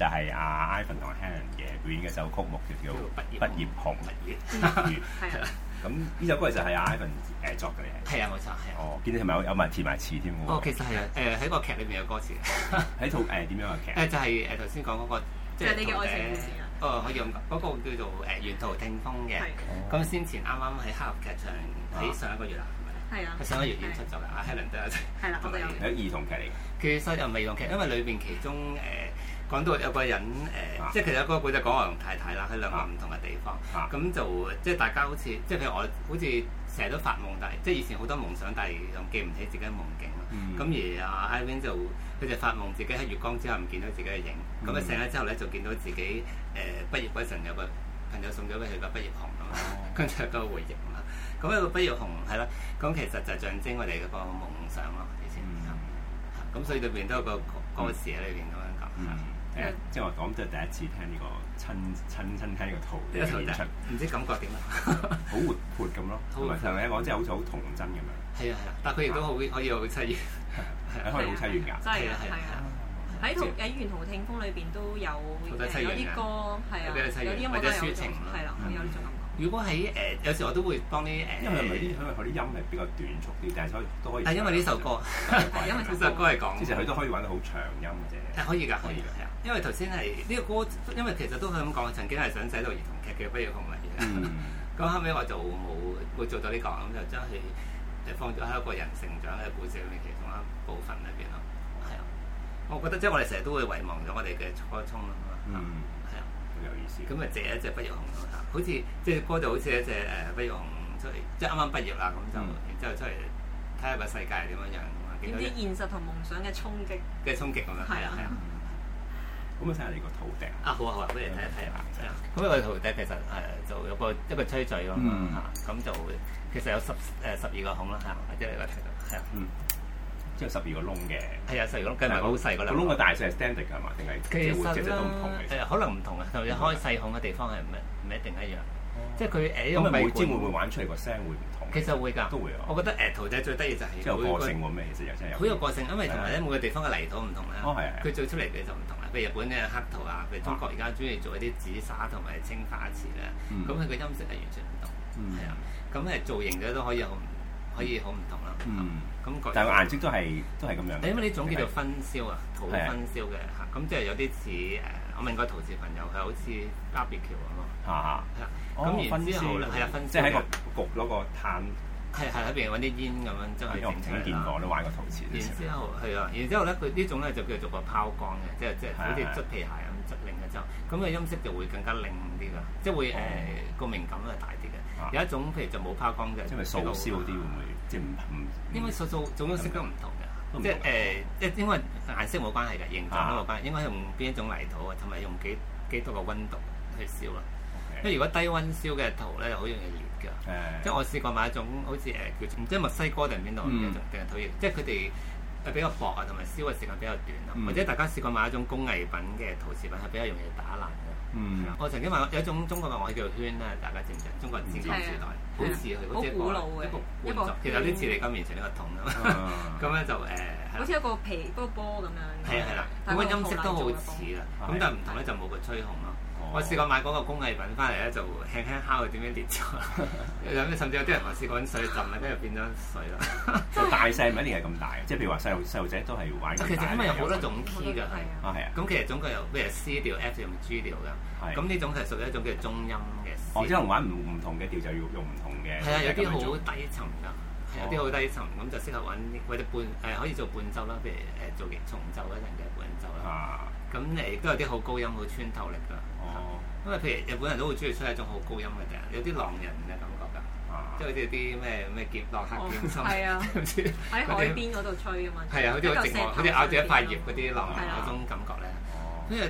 S1: 就係阿 i v a n 同啊 Helen 嘅表演嘅首曲目叫《畢業紅》。係啦。咁呢首歌就係阿 Ivan 誒作嘅嚟。係啊，冇錯。係啊。哦，見到係咪有埋填埋詞添喎？哦，其實係誒喺個劇裏面有歌詞嘅。喺套誒點樣嘅劇？就係誒頭先講嗰個，即係呢個愛情哦，可以用嗰個叫做誒《沿途聽風》嘅。咁先前啱啱喺黑盒劇場喺上一個月啊，係
S3: 啊。喺上一
S1: 個月演出咗啦，阿 Helen 都
S3: 有出。係啦，我都有。兒童
S1: 劇嚟。佢收入兒童劇，因為裏邊其中誒。講到有個人誒，即係其實嗰個古仔講阿龍太太啦，喺兩個唔同嘅地方咁，就即係大家好似即係譬如我好似成日都發夢，但係即係以前好多夢想，但係又記唔起自己嘅夢境咁、嗯、而阿 Hiwin、啊、就佢就發夢自己喺月光之下唔見到自己嘅影，咁一醒咗之後咧就見到自己誒、呃、畢業嗰陣有個朋友送咗俾佢個畢業紅咁，跟住個回憶咁嘛。咁個畢業紅係啦，咁其實就象徵我哋個夢想咯，以前咁，咁、嗯嗯、所以裏邊都有個歌詞喺裏邊咁樣講。嗯嗯。誒，yeah, 即係我講都係第一次聽呢、這個親親親聽嘅圖嘅演出，唔知感覺點啊？好活潑咁咯，同埋上嚟講即係好似好童真咁樣。係啊係啊，但係佢亦都好可以好悽怨，係可以好悽怨㗎。真係啊
S2: 係啊！喺《陶喺袁陶聽風》裏邊都有有啲歌係啊，有啲音樂都有呢種係啦，有呢種感覺。
S1: 如果喺誒、呃、有時我都會幫啲誒、呃，因為啲因為佢啲音係比較短促啲，但係都可以。係因為呢首歌，啊啊、因為呢首歌係講，之前佢都可以玩得好長音嘅啫。係可以㗎，可以㗎，係啊的的，因為頭先係呢個歌，因為其實都係咁講，曾經係想寫到兒童劇嘅《不要恐物》，咁、嗯、 後尾我就冇冇做到呢、呢個，咁就真係放咗喺一個人成長嘅故事裏面其中一部分裏邊咯。係啊，我覺得即係我哋成日都會遺忘咗我哋嘅初衷啊嗯。有意思咁啊！借一隻畢業紅咁，好似即係嗰度，好似一隻誒畢業紅出嚟，即係啱啱畢業啦咁就，然之後出嚟睇下個世界係點樣樣嘅嘛。點知現
S2: 實同夢想嘅衝擊
S1: 嘅衝擊咁啊！係啊係啊，咁啊睇下你個陶笛啊！好啊好啊，不如睇一睇啊！咁啊、嗯、的個陶笛其實誒就有個一個吹嘴咁啊，咁就其實有十誒十二個孔啦嚇，即係你個係啊嗯。即係十二個窿嘅，係啊，十二個窿，計埋好細個窿。嘅大細係 standard 係嘛，定係其實啦，係啊，可能唔同啊，同你開細孔嘅地方係唔一定一樣。即係佢誒，咁每支會唔會玩出嚟個聲會唔同？其實會㗎，都會啊。我覺得誒陶笛最得意就係有個性喎，咩其實又真係有。好有個性，因為同埋咧每個地方嘅泥土唔同咧，佢做出嚟嘅就唔同啦。譬如日本嘅黑陶啊，譬如中國而家中意做一啲紫砂同埋青花瓷啦，咁佢個音色係完全唔同，係啊，咁誒造型嘅都可以好。可以好唔同啦，咁但係個顏色都係都係咁樣。係因為呢種叫做分燒啊，陶分燒嘅嚇，咁即係有啲似誒，我問過陶瓷朋友，係好似巴別橋啊嘛。嚇，咁然之後咧，係啊分，即係喺個焗攞個碳。係係喺入邊揾啲煙咁樣，即係。因為我見過都玩過陶瓷。然之後係啊，然之後咧佢呢種咧就叫做個拋光嘅，即係即係好似執皮鞋咁執靚嘅之後，咁嘅音色就會更加靈啲㗎，即係會誒個敏感係大啲嘅。有一種譬如就冇拋光嘅，素燒嗰啲會唔會即係唔，因為素素、嗯、種種色都唔同嘅，同即係誒，即係、呃、因為顏色冇關係嘅，啊、形狀都冇關係。應該用邊一種泥土啊，同埋用幾幾多個温度去燒啦。
S3: Okay. 因為如果
S1: 低温燒嘅陶咧，好容易裂㗎。即係我試過買一種好似誒叫，唔知墨西哥定邊度一種定陶器，即係佢哋。誒比較薄啊，同埋燒嘅時間比較短啊，或者大家試過買一種工藝品嘅陶瓷品係比較容易打爛嘅。嗯，我曾經買過有一種中國嘅我叫做圈咧，大家知唔知？中國時代，時代，好似，好古
S3: 老嘅一個，其
S1: 實啲似你咁面前呢個桶啊嘛。咁咧就誒，好似一
S2: 個皮嗰個波咁樣。係啊，係啦，咁嘅音色都好似
S1: 啦，咁但係唔同咧就冇個吹孔囉。我試過買嗰個工藝品翻嚟咧，就輕輕敲佢點樣跌咗。 甚至有啲人話試過揾水浸，跟住變咗水咯。 就大細咪啲嘢咁大，即係譬如話細路細路仔都係要玩。其實因為有好多種 key 嘅係。咁其實總共有譬如 C 調、F 調、G 調嘅。咁呢種係屬於一種叫做中音嘅。因為玩唔同嘅調就要用唔同
S3: 嘅。係啊的，的有啲好
S1: 低沉㗎，係、哦、有啲好低沉咁就適合玩啲或者半誒、呃、可以做伴奏啦，譬如誒做重奏嗰陣嘅伴奏啦。啊。咁誒亦都有啲好高音好穿透力㗎。哦，因為譬如日本人都會中意吹一種好高音嘅笛，有啲浪人嘅感覺㗎，即係好似啲咩咩劍、洛克劍心啊，
S2: 唔知喺海邊嗰度吹啊嘛，係啊，好似好似咬住一
S1: 塊葉嗰啲浪人嗰種感覺咧。因為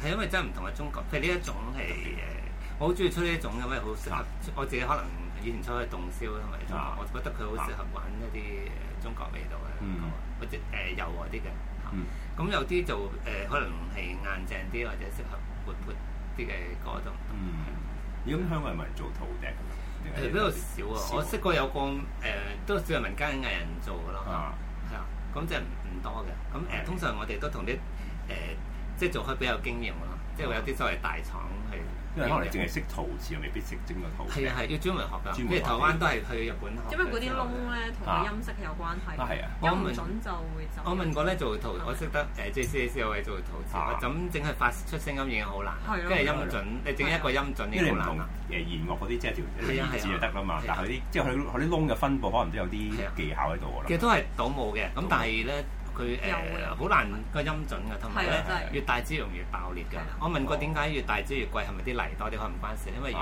S1: 誒係因為真係唔同嘅中國譬如呢一種係誒，我好中意吹呢一種咁咩？好適合我自己。可能以前出去動消同埋，我覺得佢好適合玩一啲中國味道
S3: 嘅感
S1: 覺，或者誒柔和啲嘅。咁有啲就誒可能係硬淨啲，或者適合活潑。啲嘅嗰
S3: 種，
S1: 嗯，如果香港人咪做陶笛嘅
S3: 比較少啊，少啊，我識過
S1: 有個誒、呃，都少係民間藝人做嘅咯，嚇，啊，咁即係唔多嘅，咁誒、啊嗯、通常我哋都同啲誒，即係做開比較經驗咯。即係會有啲所謂大廠係，因為可能你淨係識陶瓷，又未必識整個陶瓷。係啊係，要專門學㗎。即係台灣都係去日本學。因為嗰啲窿咧同個音色
S2: 有關係。啊。音準就會
S1: 我問過咧，做陶，我識得即 J C C 我做陶瓷。咁淨係發出聲音已經好難。係咯。音準，你整一個音準好難。因為你唔同誒弦樂嗰啲即係條意思就得啦嘛。但係啲即係佢啲窿嘅分布可能都有啲技巧喺度。其實都係倒冇嘅，咁但係咧。佢誒好難個音準嘅，同埋咧越大支容易爆裂嘅。我問過點解越大支越貴，係咪啲泥多啲？可能唔關事，因為越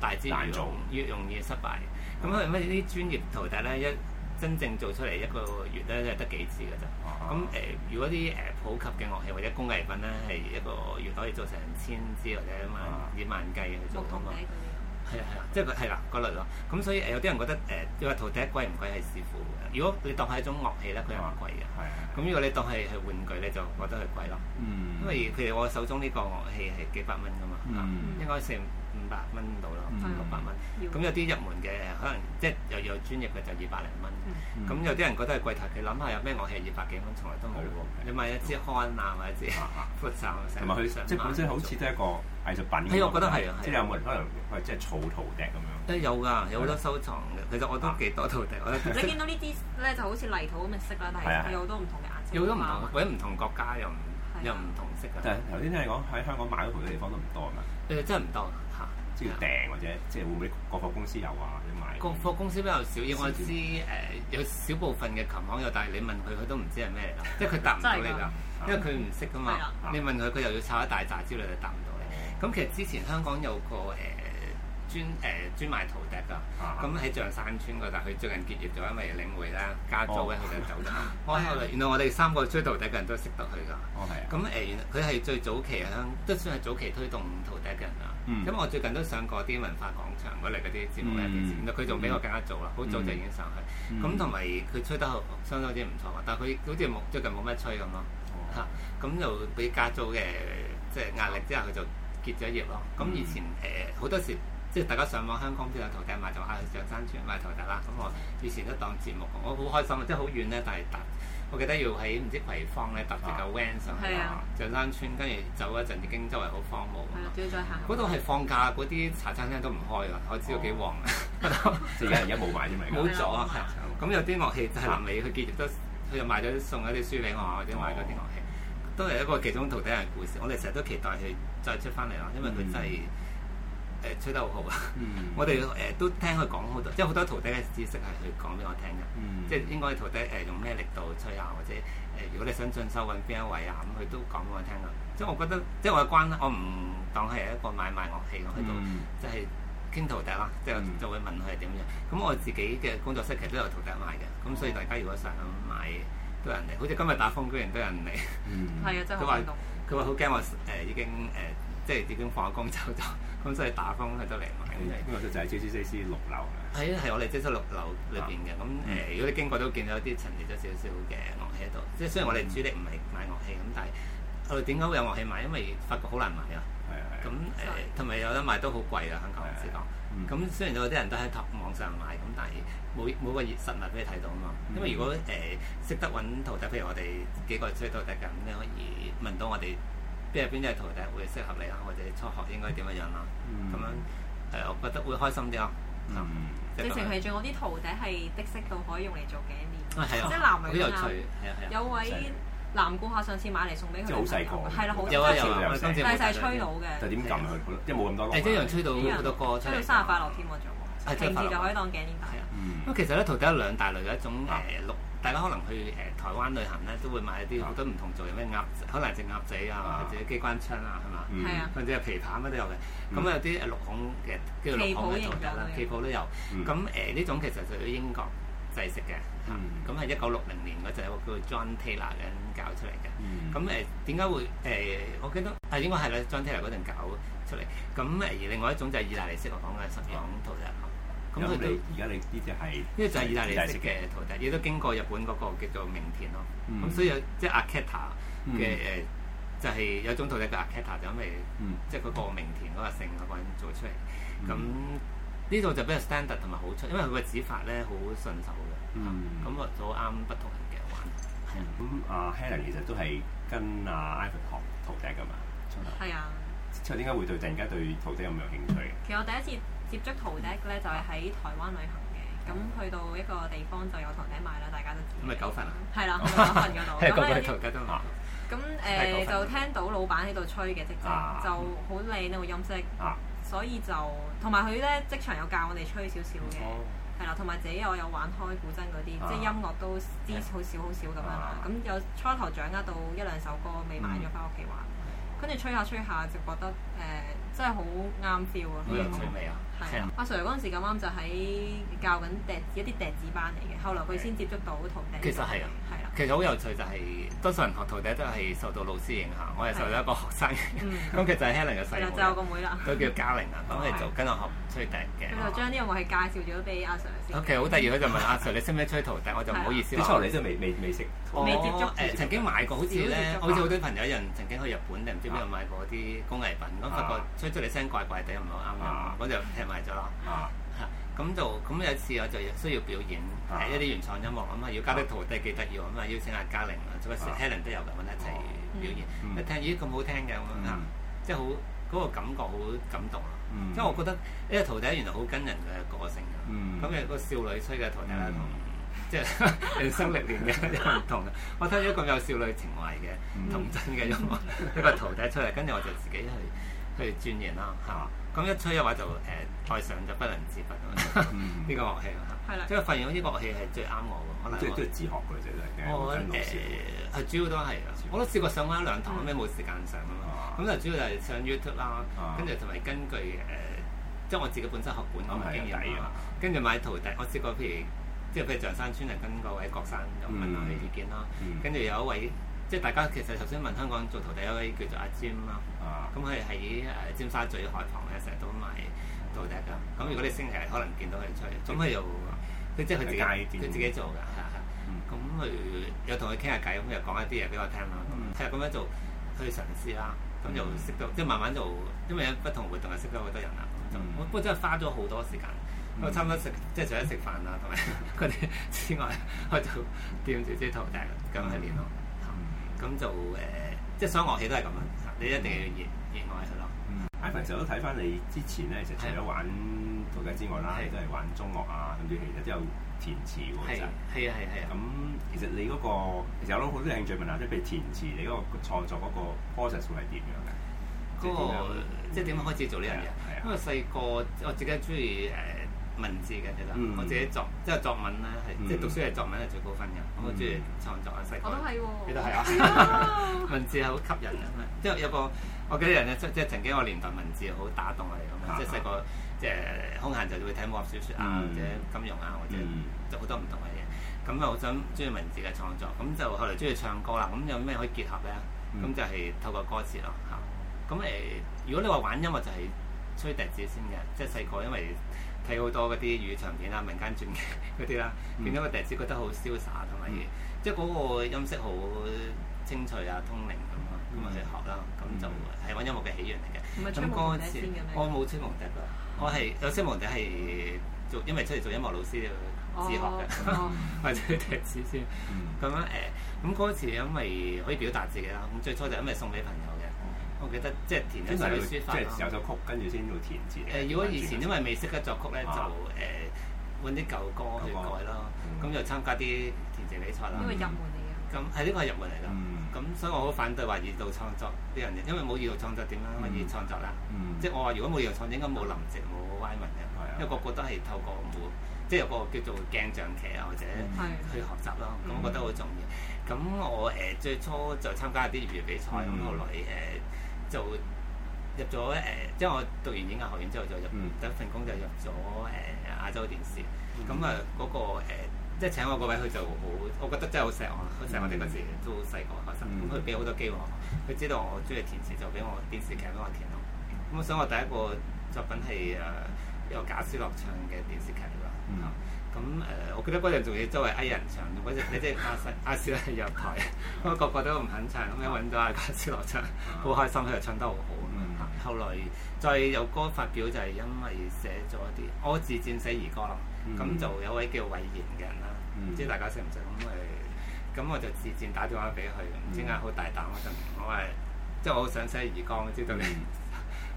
S1: 大支越重，越容易失敗。咁啊，因為啲專業徒弟咧，一真正做出嚟一個月咧，得幾支嘅啫。咁誒，如果啲誒普及嘅樂器或者工藝品咧，係一個月可以做成千支或者萬以萬計去做啊。係啊係啊，即係個係啦嗰類咯，咁所以誒有啲人覺得誒你話陶笛貴唔貴係視乎，如果你當係一種樂器咧，佢係話貴嘅，咁的如果你當係係玩具咧，就覺得係貴咯。嗯，因為譬如我手中呢個樂器係幾百蚊噶嘛，嗯、應該成百蚊到啦，五六百蚊。咁、嗯、有啲入門嘅，可能即係又有專業嘅就二百零蚊。咁、嗯、有啲人覺得係貴頭，佢諗下有咩樂器二百幾蚊，從來都冇喎。的你買一支康啊，或者一支複雜啊，同埋佢即係本身好似都係一個藝術品。係，我覺得係。即係有冇人可能係即係藏陶笛咁樣？都有㗎，有好多收藏嘅。其實我都幾多陶笛。 你見
S2: 到呢啲咧就好似泥土咁嘅色啦，但係有好多唔
S3: 同嘅顏色。的有好多唔
S1: 同，或者唔同國家又又唔同色啊。但頭先聽你講喺香港買嗰啲地方都唔多啊嘛。誒，真係唔多。要訂或者即係會唔會國貨公司有啊？或者買國貨公司比較少，因為我知誒、呃、有少部分嘅琴行有，但係你問佢，佢都唔知係咩嚟噶。 即係佢答唔到你噶，因為佢唔識㗎嘛。你問佢，佢又要抄一大扎資料，就答唔到你。咁、啊、其實之前香港有個誒。呃專誒專賣陶笛噶，咁喺象山邨嗰度。佢最近結業咗，因為領匯啦，加租咧，佢就走咗。我後來原來我哋三個吹陶笛嘅人都識得佢噶，咁誒，佢係最早期都算係早期推動陶笛嘅人啦。咁我最近都上過啲文化廣場嗰度嗰啲節目咧，其實佢仲比我更加早啦，好早就已經上去。咁同埋佢吹得相當之唔錯。但係佢好似冇最近冇乜吹咁咯嚇。咁就俾加租嘅即係壓力之後，佢就結咗業咯。咁以前誒好多時。即係大家上網香港邊有陶笛賣就喺上山村賣陶笛啦。咁我以前都當節目，我好開心啊！即係好遠咧，但係搭，我記得要喺唔知葵芳咧搭隻架 van 上去啦。上山村，跟住走一陣已經周圍好荒蕪。係，仲要再行。嗰度係放假，嗰啲茶餐廳都唔開㗎。我知道幾旺啊，即係而家冇買啫嘛。冇阻，咁有啲樂器就係臨尾，佢結業都，佢又買咗送咗啲書俾我，或者買咗啲樂器，都係一個其中陶笛嘅故事。我哋成日都期待佢再出翻嚟啊，因為佢真係。誒、呃、吹得好好啊！嗯、
S3: 我哋誒、
S1: 呃、都聽佢講好多，即係好多陶笛嘅知識係佢講俾我聽嘅。嗯、即係應該陶笛誒用咩力度吹啊，或者誒、呃、如果你想進修揾邊一位啊，咁佢都講俾我聽啊。即係我覺得，即係我嘅關，我唔當係一個買賣樂器咯喺度，即係傾陶笛啦。嗯、即係就會問佢係點樣。咁我自己嘅工作室其實都有陶笛賣嘅，咁、嗯、所以大家如果想買都有人嚟，好似今日打風居然都有人嚟。嗯。啊、嗯，真係好佢話好驚我誒、呃呃、已經誒，即係已經放工走咗。咁所以打風係得嚟買嘅，因為、嗯這個、就係 JCCC 六樓啊。係啊，係我哋即 c 六樓裏邊嘅。咁誒，如果你經過都見到一啲陳列咗少少嘅樂器喺度。即係雖然我哋主力唔係買樂器咁，但係我哋點解會有樂器買？因為發覺好難買啊。係啊係。咁誒，同埋有得賣都好貴啊，香港人嗰度。咁、嗯嗯、雖然有啲人都喺網上買，咁但係冇冇個實物俾你睇到啊嘛。嗯、因為如果誒識、呃、得揾徒弟，譬如我哋幾個追都得㗎，咁你可以問到我哋。邊邊啲係陶笛會適合你啦，或者初學應該點樣樣啦，咁樣誒，我覺得會開心啲咯。直情係
S2: 仲有啲陶笛係細細到可以用嚟做頸鍊。啊係啊，啲男嘅啦。有位男顧客上次買嚟送俾佢。即係好細個。有啊有啊，但係吹到嘅。就點
S1: 撳佢？即係冇咁多。即係一樣吹到好多歌，吹到生日快樂添
S2: 喎仲。係，平時就可以當頸鍊戴啊。
S1: 嗯。咁其實咧，陶笛有兩大類，一種誒六。大家可能去誒、呃、台灣旅行咧，都會買一啲好多唔同造型，咩鴨可能隻鴨仔啊，或者機關槍啊，係嘛？係啊。或者琵琶乜都有嘅。咁、嗯、有啲六孔嘅叫做六孔嘅造出嚟，旗袍、嗯、都有。咁誒呢種其實屬於英國製式嘅，咁係、嗯嗯、一九六零年嗰陣有個叫 John Taylor 咁搞出嚟嘅。咁誒點解會誒、呃？我記得係應該係啦，John Taylor 嗰陣搞出嚟。咁、嗯、誒另外一種就係意大利式六孔嘅十孔套出咁佢哋而家你呢隻係呢隻就係意大利式嘅陶笛，亦都經過日本嗰個叫做明田咯。咁所以即係 Akata 嘅誒，就係有種陶笛叫 Akata 就因為即係嗰個明田嗰個姓嗰個人做出嚟。咁呢度就比較 standard 同埋好出，因為佢嘅指法咧好順手嘅。咁就好啱不同人嘅玩。咁阿 Helen 其實都係跟阿 i 艾佛學陶笛㗎嘛？係啊，佢點解會對突然間對陶笛咁有興趣？
S2: 其實我第一次。接觸陶笛咧就係喺台灣旅行嘅，咁去到一個地方就有陶笛賣啦，大家都知咪九份啊，係啦，九份嗰度，係九份陶笛都好。咁誒就聽到老闆喺度吹嘅即場，就好靚呢個音色，所以就同埋佢咧即場有教我哋吹少少嘅，係啦，同埋自己我有玩開古箏嗰啲，即係音樂都知好少好少咁樣啦。咁有初頭掌握到一兩首歌，未買咗翻屋企玩，跟住吹下吹下就覺得誒。真係好啱 feel 啊！Sir，好有趣味啊！係啊！阿 Sir 嗰陣時咁啱就喺教緊笛子一啲笛子班嚟嘅。後來佢先接觸到陶笛。其實係啊。
S1: 其實好有趣就係，多數人學陶笛都係受到老師影響，我係受到一個學生影響。咁其實係 Helen 嘅細妹，佢叫嘉玲啊，咁嚟就跟學吹笛嘅。佢就
S2: 將啲嘢我介紹咗俾阿 Sir 先。OK，好突然佢就問阿
S1: Sir：你識唔識吹陶笛？我就唔好意思，你真都未未未識。我曾經買過好似咧，好似好多朋友人曾經去日本定唔知邊度買過啲工藝品，咁發覺吹出嚟聲怪怪地唔係好啱，咁我就踢埋咗啦。咁就咁有次我就需要表演，係一啲原創音樂啊嘛，要加啲陶笛幾得意喎，咁啊邀請阿嘉玲啊，仲有 Helen 都有咁樣一齊
S3: 表演。一聽
S1: 咦，咁好聽嘅，咁啊，即係好嗰個感覺好感動啊。因為我覺得呢個陶笛原來好跟人嘅個性，咁嘅個少女吹嘅陶笛，同即係人生歷練嘅又唔同。我聽咗一個有少女情懷嘅童真嘅音樂，呢個陶笛出嚟，跟住我就自己去去鑽研啦，係咁一吹嘅話就誒，台上就不能自拔咯，呢個樂器咯，即係發現咗啲樂器係最啱我㗎，即係即係自學㗎啫我，誒係主要都係我都試過上咗兩堂，咁樣冇時間上啊嘛，咁就主要就係上 YouTube 啦，跟住同埋根據誒即係我自己本身學本，我嘅經驗跟住買陶笛，我試過譬如即係譬如象山村係跟嗰位郭生咁問佢意見啦，跟住有一位。即係大家其實頭先問香港做陶笛，一位叫做阿 Jim 啦，咁佢喺誒尖沙咀海旁咧，成日都賣陶笛噶。咁如果你星期日可能見到佢出嚟，咁佢又，即係佢就佢自己做㗎，咁佢有同佢傾下偈，咁又講一啲嘢俾我聽咯。嗯，係咁樣做去嘗試啦。咁就識到即係慢慢就因為不同活動係識到好多人啦。我不過真係花咗好多時間，我差唔多食即係除咗食飯啊同埋佢哋之外，去做店做啲陶笛咁一年咯。咁就誒、呃，即係所有樂器都係咁啊！嗯、你一定要熱熱愛佢咯。Ivan，成日都睇翻你之前咧，其實除咗玩陶笛之外啦，都係的玩中樂啊，甚至其實都有填詞喎，真係。係啊係啊。咁、嗯、其實你嗰、那個其實我有我都好多興趣問下，即係譬如填詞，你嗰個創作嗰個 process 係點樣
S3: 嘅？那
S1: 個、即係點樣開始做呢樣嘢？因為細個我自己中意誒。呃文字嘅其實，我自己作、嗯、即係作文咧，係即係讀書嘅作文係最高分嘅。嗯、我中意創作啊，細、啊啊、 個，你都係啊？文字係好吸引啊。即係有個我記得人咧，即係曾經個年代文字好打動我哋咁樣。即係細個即係空閒就會睇武俠小說啊、嗯，或者金庸啊，嗯、或者就好多唔同嘅嘢。咁好想中意文字嘅創作。咁就後來中意唱歌啦。咁有咩可以結合咧？咁就係透過歌詞咯嚇。咁誒、呃，如果你話玩音樂就係、是。吹笛子先嘅，即係細個，因為睇好多嗰啲粵語長片啊、民間傳嘅嗰啲啦，變咗個笛子覺得好瀟灑，同埋即係嗰個音色好清脆啊、通靈咁啊，咁咪去學啦。咁就係揾音樂嘅起源嚟嘅。咁嗰時我冇吹毛笛咯，我係有吹毛笛係做，因為出嚟做音樂老師要自學嘅，或者笛子先。咁樣誒，咁嗰時因為可以表達自己啦。咁最初就因為送俾朋友。我記得即係填寫書即係有首曲，跟住先做填詞。誒，如果以前因為未識得作曲咧，就誒揾啲舊歌去改咯。咁就參加啲填詞比賽啦。因為入門嚟嘅。咁係呢個係入門嚟㗎。咁所以我好反對話二度創作呢樣嘢，因為冇二度創作點樣可以創作啦。即係我話如果冇二度創作，應該冇林夕，冇 Wyman。因為個個都係透過冇，即係有個叫做鏡象期啊，或者去學習咯。咁我覺得好重要。咁我誒最初就參加啲業餘比賽，咁後來誒。就入咗誒，即係我讀完演藝學院之後就入第一份工，就入咗誒亞洲電視。咁啊嗰個誒，即係請我嗰位，佢就好，我覺得真係好錫我，好錫我哋嗰時都好細個學生。咁佢俾好多機會我，佢知道我中意電視，就俾我電視劇俾我填咯。咁我想我第一個作品係誒一個賈思樂唱嘅電視劇啦。咁誒、嗯，我記得嗰陣仲要周圍嗌人唱，嗰陣你知阿亞視亞視拉入台，咁啊個，個個都唔肯唱，咁樣揾到阿阿斯落唱，好開心，佢又唱得好好啊嘛。嗯嗯、後來再有歌發表就係因為寫咗啲我自薦寫兒歌啦，咁就有位叫偉賢嘅人啦，唔、嗯、知大家識唔識？咁誒，咁我就自薦打電話俾佢，唔、嗯、知點解好大膽嗰陣，我話即係我好想寫兒歌，知道你、嗯。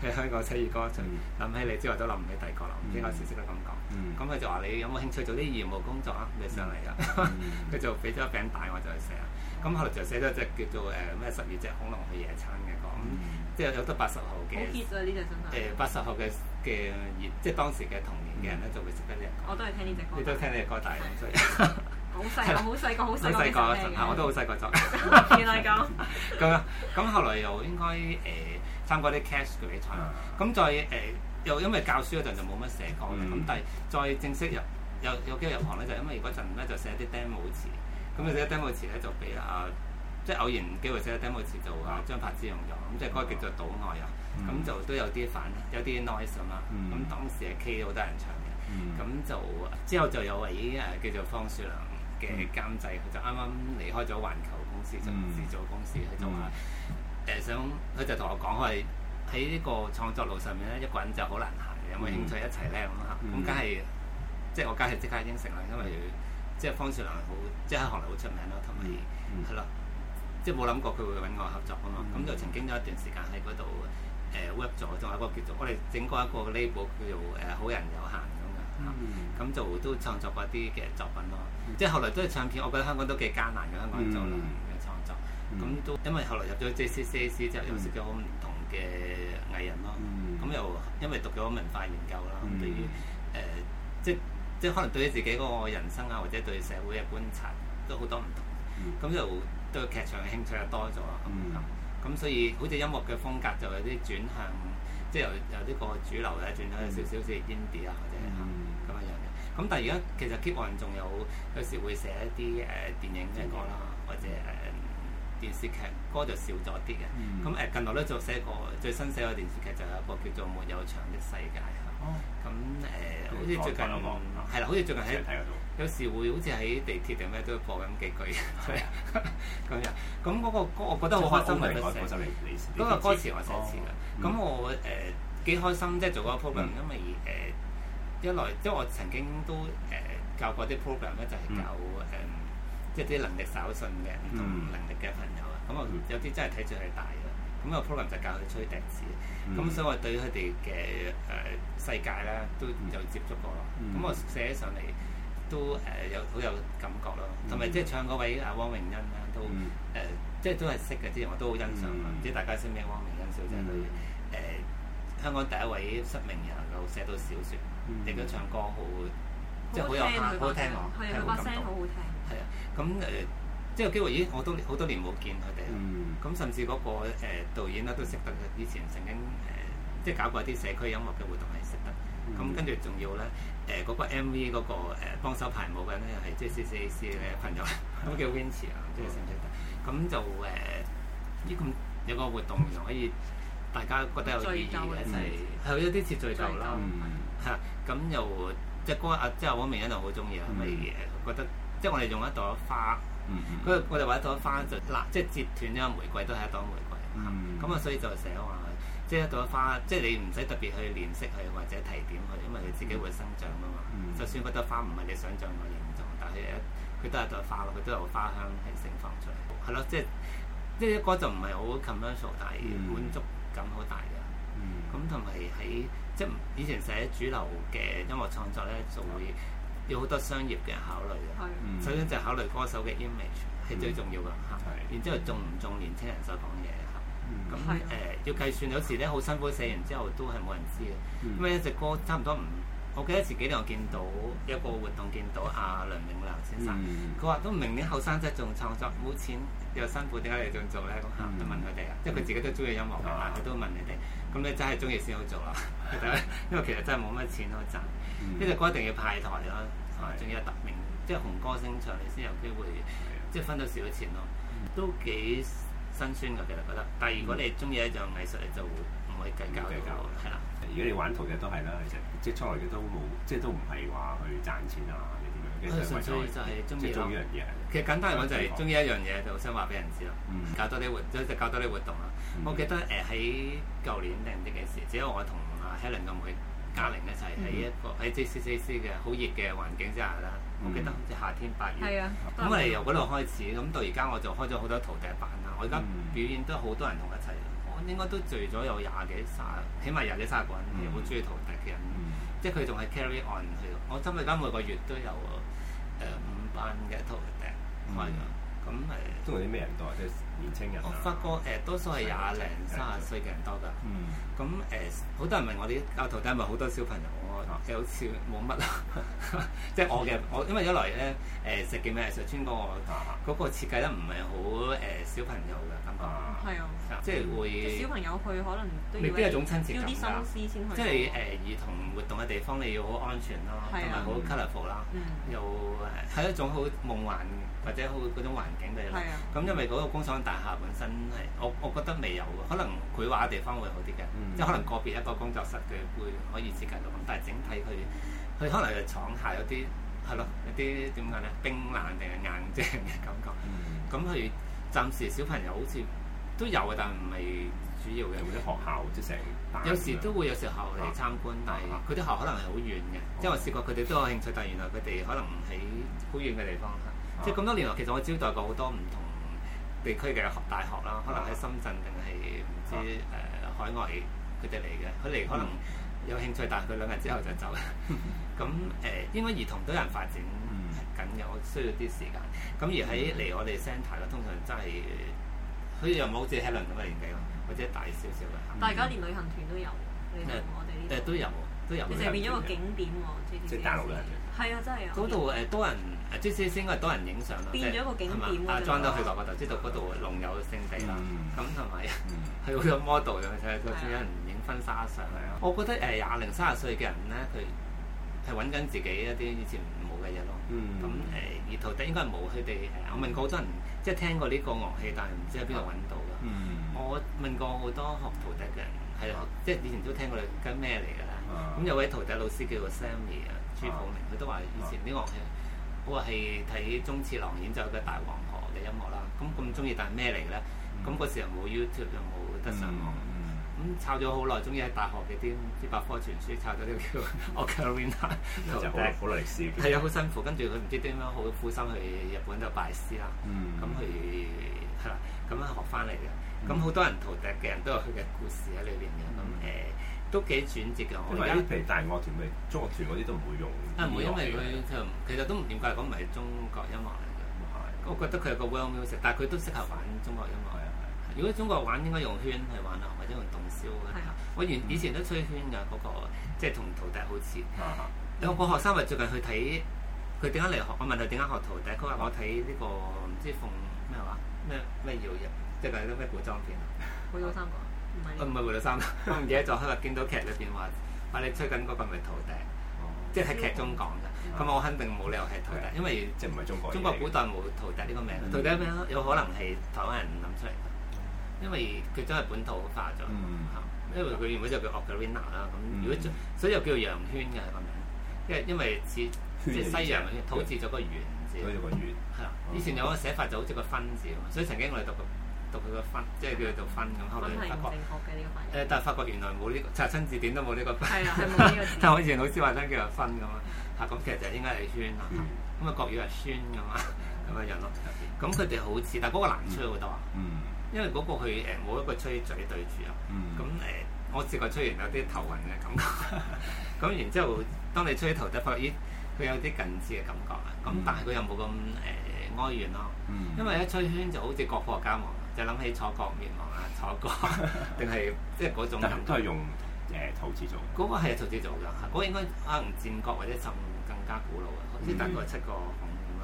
S1: 喺香港寫月光，就諗 起你之後都諗唔起第二個啦。唔知我幾時識得咁講？咁佢就話你有冇興趣做啲業務工作啊？你上嚟啦。佢就俾咗餅帶我就去寫啦。咁後嚟就寫咗隻叫做誒咩、呃、十二隻恐龍去野餐嘅歌， 即係有得八十號嘅。好熱啊！呢隻真係誒八十號嘅嘅即係當時嘅童年嘅人咧就會識得呢隻歌。 我都係聽呢隻歌。你都聽呢隻歌大咁所以好細個，好細個，好細個啲嘅。我都好細個作 原來咁咁咁，後嚟又應該誒。參加啲 cash 嘅比賽，咁再誒又因為教書嗰陣就冇乜寫歌，咁但係再正式入有有機會入行咧，就因為嗰陣咧就寫啲 demo 詞，咁寫啲 demo 詞咧就俾阿即係偶然機會寫啲 demo 詞做阿張柏芝用咗，咁即係嗰一極就賭愛啊，咁就都有啲反有啲 noise 啊嘛，咁當時係 K 好多人唱嘅，咁就之後就有位已叫做方雪良嘅監製，佢就啱啱離開咗環球公司，就自組公司，佢就話。誒想佢就同我講佢喺呢個創作路上面咧，一個人就好難行。有冇興趣一齊咧？咁嚇咁梗係，就是、即係我梗係即刻應承啦。因為即係方少良好，即係喺行內好出名咯，同埋係咯，即係冇諗過佢會搵我合作啊嘛。咁、嗯、就曾經有一段時間喺嗰度誒 work 咗，仲、呃、有一個叫做我哋整過一個 label 叫做誒好人有限咁樣。咁、嗯啊、就都創作過啲嘅作品咯。即係、嗯嗯、後來都係唱片，我覺得香港都幾艱難嘅，香港做。嗯咁都、嗯嗯嗯、因為後來入咗 JCCAC 之後，又識咗好唔同嘅藝人咯。咁又、嗯嗯嗯、因為讀咗文化研究啦，嗯、對於誒、呃、即即可能對於自己嗰個人生啊，或者對社會嘅觀察、啊、都好多唔同。咁就對劇場嘅興趣又多咗。咁、嗯嗯嗯嗯、所以好似音樂嘅風格就有啲轉向，即、就是、由由呢個主流咧轉咗少少似 Indie 啊，或者咁嘅、啊嗯、樣嘅。咁但係而家其實 Keep、On、還仲有還有，還有時會寫一啲誒電影嘅歌啦，或者誒。呃電視劇歌就少咗啲嘅，咁誒近來咧就寫過最新寫個電視劇就有一個叫做《沒有牆的世界》啊，咁誒好似最近係啦，好似最近喺度有時會好似喺地鐵定咩都播緊幾句，咁樣咁嗰個歌我覺得好開心，我寫嗰個歌詞我寫詞嘅，咁我誒幾開心即係做嗰個 program，因為誒一來即係我曾經都誒教過啲 program 咧，就係教誒。即係啲能力稍遜嘅唔同能力嘅朋友啊，咁我有啲真係睇住佢大嘅，咁我 program 就教佢吹笛子，咁所以我對佢哋嘅誒世界咧都有接觸過咯。咁我寫上嚟都誒有好有感覺咯，同埋即係唱嗰位阿汪泳欣啦，都誒即係都係識嘅，之前我都好欣賞啊。唔知大家識唔識汪泳欣小姐？佢誒香港第一位失明人能寫到小説，亦都唱歌好，即係好有好聽，係啊，把聲好好聽。係啊，咁誒，即係機會咦？我都好多年冇見佢哋啦。咁甚至嗰個誒導演咧都識得，以前曾經誒即係搞過啲社區音樂嘅活動係識得。咁跟住仲要咧，誒嗰個 MV 嗰個誒幫手排舞嘅咧係即係 CCAC 嘅朋友，咁叫堅持啊，即係識唔識得？咁就誒呢咁有個活動仲可以大家覺得有意義嘅一齊，係係有啲似聚舊啦。嚇！咁又即係嗰個阿周安明一路好中意啊，因為覺得。即係我哋用一朵花，嗰、嗯嗯、我哋話一朵花就嗱，即係截斷咗玫瑰都係一朵玫瑰。
S3: 咁啊、嗯，所
S1: 以就寫話，即係一朵花，即係你唔使特別去憐惜佢或者提點佢，因為佢自己會生長啊嘛。嗯、就算嗰朵花唔係你想象嘅形狀，但係佢都係一朵花，佢都有花香係盛放出嚟。係咯，即係即係一個就唔係好 commercial，但係滿足感好大㗎。咁同埋喺即係以前寫主流嘅音樂創作咧，就會。有好多商業嘅考慮嘅，首先就考慮歌手嘅 image 係最重要㗎，然之後仲唔中年青人所講嘢，
S3: 咁，
S1: 誒要計算有時咧，好辛苦寫完之後都係冇人知嘅，因為一隻歌差唔多唔，我記得前幾年我見到一個活動，見到阿梁永良先生，佢話都明年後生仔仲創作，冇錢又辛苦，點解你仲做咧？咁，嚇問佢哋啊，即係佢自己都中意音樂啊，佢都問人哋。咁、嗯、你真係中意先好做啦， 因為其實真係冇乜錢可以賺，呢隻歌一定要派台咯，啊仲要係特名，是即係紅歌星唱你先有機會，是即係分到少錢咯，是嗯、都幾辛酸㗎其實覺得。但係如果你係中意一樣藝術，嗯、你就唔會計較㗎，係啦。了如果你玩圖嘅都係啦，其實即係出嚟嘅都冇，即係都唔係話去賺錢啊。純粹就係中意一樣嘢。其實簡單嚟講、嗯，就係中意一樣嘢，就想話俾人知咯。搞多啲活，即係搞多啲活動啦。嗯、我記得誒喺舊年定唔知幾時，只有我同阿 Helen 同佢嘉玲一齊喺、嗯、一個喺 J C C C 嘅好熱嘅環境之下啦。嗯、我記得好似夏天八月。係啊。咁咪由嗰度開始，咁到而家我就開咗好多徒弟班啦。我而家表演都好多人同我一齊。嗯應該都聚咗有廿幾卅，起碼廿幾卅個人，係好中意陶笛嘅人，嗯、即係佢仲係 carry on 去。我執起翻每個月都有喎，五、呃、班嘅陶笛啊，咁誒、嗯。都係啲咩人多啊？即係。年輕人我發覺誒多數係廿零、三十歲嘅人多㗎。
S3: 咁
S1: 誒，好多人問我哋，我徒弟咪好多小朋友，我嘅好似冇乜咯。即係我嘅，我因為一來咧誒，食嘅嘢係食穿嗰個，嗰個設計得唔係好誒小朋友㗎。啊。係啊。即係會。小
S2: 朋友去可能都未必有種親切感。要啲心思先去。即係
S1: 誒兒童活動嘅地方，你要好安全啦，同埋好 colourful 啦，又係一種好夢幻或者好嗰種環境嚟。係啊。咁因為嗰個工廠。大廈本身係我我覺得未有喎，可能佢話嘅地方會好啲嘅，mm hmm. 即係可能個別一個工作室嘅會可以設計到，咁但係整體佢佢可能就廠下有啲係咯，有啲點講咧冰冷定係硬淨嘅感覺。咁佢、mm hmm. 嗯、暫時小朋友好似都有嘅，但係唔係主要嘅。有啲學校即成，有時都會有時候嚟參觀，啊、但係佢啲學校可能係好遠嘅，嗯、即係我試過佢哋都有興趣，但係原來佢哋可能唔喺好遠嘅地方，即係咁多年來其實我招待過好多唔同。嗯 嗯地區嘅大學啦，可能喺深圳定係唔知誒海外佢哋嚟嘅，佢嚟可能有興趣，但係佢兩日之後就走。咁誒，應該兒童多人發展緊有需要啲時間。咁而喺嚟我哋 centre 咧，通常真係佢哋又冇好似 Helen 咁嘅年紀喎，或者大少少嘅。大家
S2: 連旅行團都有，你哋
S1: 同我哋呢？誒都有都有。佢就變咗個
S2: 景點喎，即係大陸人。係啊，真
S1: 係啊。度誒多人。即係先先應該多人影相咯，變咗一個景點啦。啊，裝到去個嗰度，知道嗰度龍友聖地啦。咁同埋係好多 model 咁樣，佢有人影婚紗相啊。我覺得誒廿零三十歲嘅人咧，佢係揾緊自己一啲以前唔好嘅嘢咯。咁誒，而陶笛應該冇佢哋。我問過好多人，即係聽過呢個樂器，但係唔知喺邊度揾到
S3: 嘅。
S1: 我問過好多學陶笛嘅人，係即係以前都聽過佢跟咩嚟㗎啦。咁有位陶笛老師叫做 Sammy 啊，朱鳳明，佢都話以前啲樂器。嗰個係睇宗次郎演奏嘅《大黃河》嘅音樂啦。咁咁中意，但係咩嚟咧？咁嗰、嗯、時又冇 YouTube，又冇得上網。咁抄咗好耐，終於喺大學嘅啲啲百科全書抄咗啲叫 Ocarina。就好好耐歷史嘅。係啊，好辛苦。跟住佢唔知點樣好苦心去日本度拜師啦。咁去係啦，咁樣學翻嚟嘅。咁好、嗯、多人陶笛嘅人都有佢嘅故事喺裏邊嘅。咁誒。嗯嗯都幾轉折嘅。我係啲譬如大樂團咪中國團嗰啲都唔會用，唔會因為佢其實都唔點解講唔係中國音樂嚟嘅。的我覺得佢係個 world music，但係佢都適合玩中國音樂啊。如果中國玩應該用圈去玩啊，或者用洞簫的、嗯、我以前都吹圈㗎，嗰、那個即係同徒弟好似。的有個學生咪最近去睇，佢點解嚟學？我問佢點解學徒弟，佢話我睇呢、這個唔知鳳咩話咩咩搖即係咩古裝片啊。好多 三個。我唔係《回到三》，我唔記得咗。佢話見到劇裏邊話話你吹緊嗰個咪陶笛，即係劇中講嘅。咁我肯定冇理由係陶笛，因為即唔係中國。中國古代冇陶笛呢個名，陶笛咩，有可能係台灣人諗出嚟。因為佢真係本土化咗。因為佢原本就係叫 Ocarina 啦，咁如果所以又叫做羊圈嘅咁樣。因為因為似，即係西洋土字，咗個圓字。所以個圓。以前有個寫法就好似個分字，所以曾經我哋讀過。佢個分，即係叫佢讀分咁。後嚟發覺，誒，但係發覺原來冇呢個，查親字典都冇呢個。係但係我以前老師話得叫佢分咁啊。嚇、嗯，咁其實就應該係圈啦。咁啊、嗯嗯，國語係酸咁啊，咁、嗯、嘅樣咯。咁佢哋好似，但係嗰個難吹好多啊。嗯、因為嗰個佢誒冇一個吹嘴對住啊。咁誒、嗯，我試過吹完有啲頭暈嘅感覺。咁、嗯嗯、然之後，當你吹頭就，發覺咦，佢有啲近視嘅感覺啊。咁、嗯、但係佢又冇咁誒哀怨咯。因為一吹一圈就好似國破家亡。就諗起楚國滅亡啊，楚國定係即係嗰種 都係用誒陶瓷做嗰個係陶瓷做噶，嗰、那個、應該可能戰國或者甚更加古老啊，好似、嗯、大概七個孔咁咯。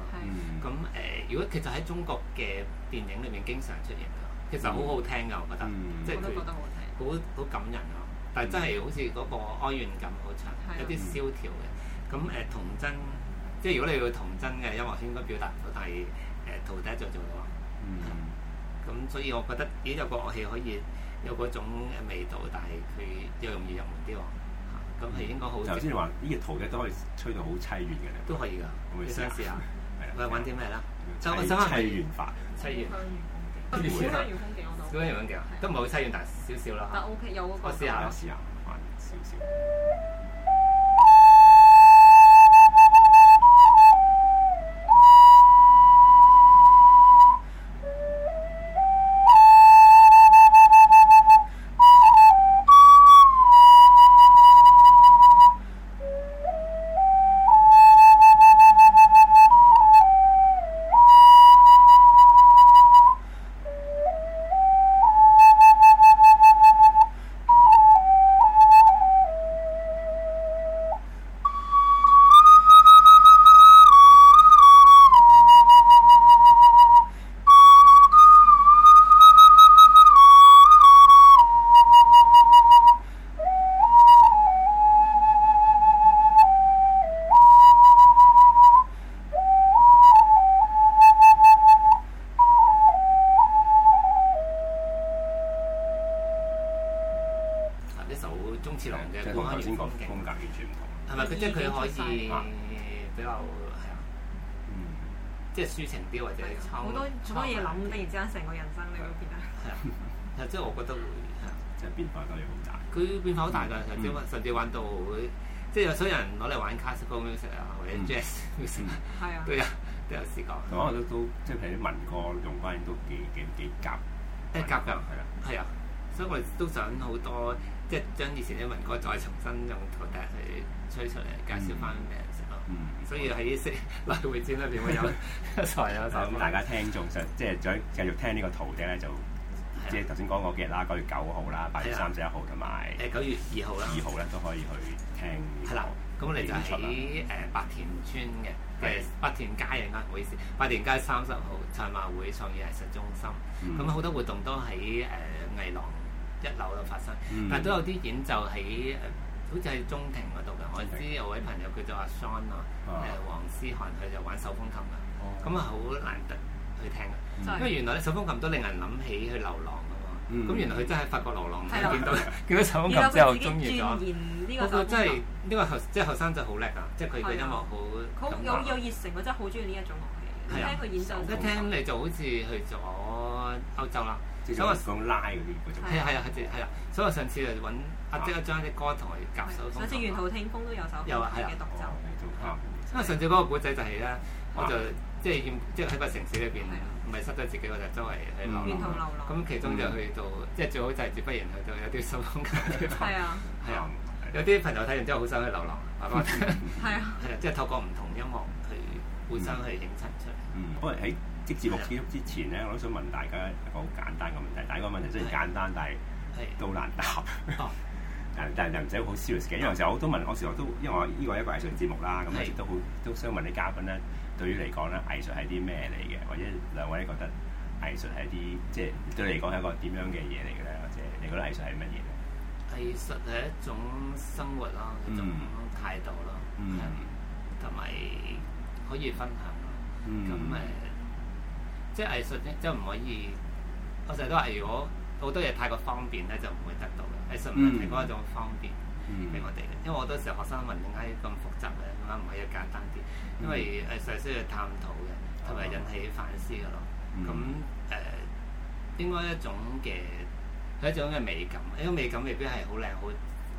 S1: 咁如果其實喺中國嘅電影裏面經常出現㗎，其實好好聽㗎，我覺得，嗯、即係是都覺得好好感人啊！但係真係好似嗰個哀怨感好強，嗯、有啲蕭條嘅。咁誒、呃、童真，即係如果你要童真嘅音樂，應該表達唔到，呃、到，但係誒陶笛就做到啦。嗯咁所以我覺得，如果有個樂器可以有嗰種味道，但係佢又容易入門啲喎，咁係應該好。首先話呢個陶笛都可以吹到好淒怨嘅都可以㗎，我試下。係啊。嚟揾啲咩咧？真係淒怨法。淒怨。跟住先啦。嗰啲搖風鏡
S3: 我都。
S1: 嗰啲搖風鏡啊，都唔係好淒怨，但係少少啦。但係 OK，有嗰個。我試下，我試下，玩少少。比較係啊，嗯，即係抒情啲或者好多好多嘢諗，突然之間成個人生都會變啊！係啊，即係我覺得會係，就變化都好大。佢變化好大㗎，甚至甚至玩到即係，有啲人攞嚟玩 classical music 啊，或者 jazz 嗰啲先係啊，都有都有試過。我覺得都即係啲民歌用翻都幾幾幾夾，
S3: 一夾㗎係啊係啊，
S1: 所以我哋都想好多。即係將以前英文歌再重新用陶笛去吹出嚟，介紹翻俾人食咯。嗯、所以喺啲識例會展啦，點會有才大家聽眾想即係想繼續聽個呢個陶笛咧，就的即係頭先講嗰幾日 ,9 9日，日啦，九月九號啦，八月三十一號同埋誒九月二號啦，二號咧都可以去聽的。係啦，咁我哋就喺誒白田村嘅嘅的白田街啊，唔好意思，白田街三十號賽馬會創意藝術中心。咁好、嗯、多活動都喺誒藝廊。一樓度發生，但係都有啲演奏喺，好似喺中庭嗰度嘅。我知有位朋友叫做阿 Son 啊，誒黃思韓佢就玩手風琴啊。咁啊好難得去聽，因為原來咧手風琴都令人諗起去流浪啊嘛，咁原來佢真係法國流浪，見到見到手風琴之後中意咗。
S3: 不過真
S1: 係呢個後，即係後生仔好叻啊，即係佢嘅音樂好，好有有
S2: 熱誠，我真係好中
S1: 意呢一種樂器。聽佢演奏，即係聽你就好似去咗歐洲啦。所以係講拉嗰啲嗰種，係係啊係係啊，所以我上次就揾阿 Jack 將啲歌同佢夾手。上次《沿途
S2: 聽風》都有首。有啊，係啊。自
S1: 己獨奏。上次嗰個古仔就係咧，我就即係即係喺個城市裏邊，唔係失咗自己，我就周圍喺度流浪。沿途流浪。咁其中就去到，即係最好就係自不然去到有啲手風琴。係啊。係啊，有啲朋友睇完之後好想去流浪，係啊，係啊，即係透過唔同音樂，佢本身去影襯出嚟。喺節目結束之前咧，我都想問大家一個好簡單嘅問題。但係個問題雖然簡單，但係都難答。哦、但係但係唔使好 serious 嘅，因為就我都問我時我都因為我呢個係一個藝術節目啦，咁亦是都好都想問啲嘉賓咧。對於你嚟講咧，藝術係啲咩嚟嘅？或者兩位覺得藝術係啲即係對你嚟講係一個點樣嘅嘢嚟嘅咧？或者你覺得藝術係乜嘢咧？藝術係一種生活啦，嗯、一種態度啦，同埋、嗯嗯、可以分享啦。
S3: 咁誒、嗯。嗯嗯
S1: 即係藝術咧，即係唔可以。我成日都話，如果好多嘢太過方便咧，就唔會得到嘅。藝術唔係提供一種方便俾、嗯嗯、我哋因為我多時候學生問點解咁複雜嘅，點解唔可以簡單啲？因為誒，藝術需要探討嘅，同埋引起反思嘅咯。咁誒、哦嗯呃，應該一種嘅係一種嘅美感。呢個美感未必係好靚、好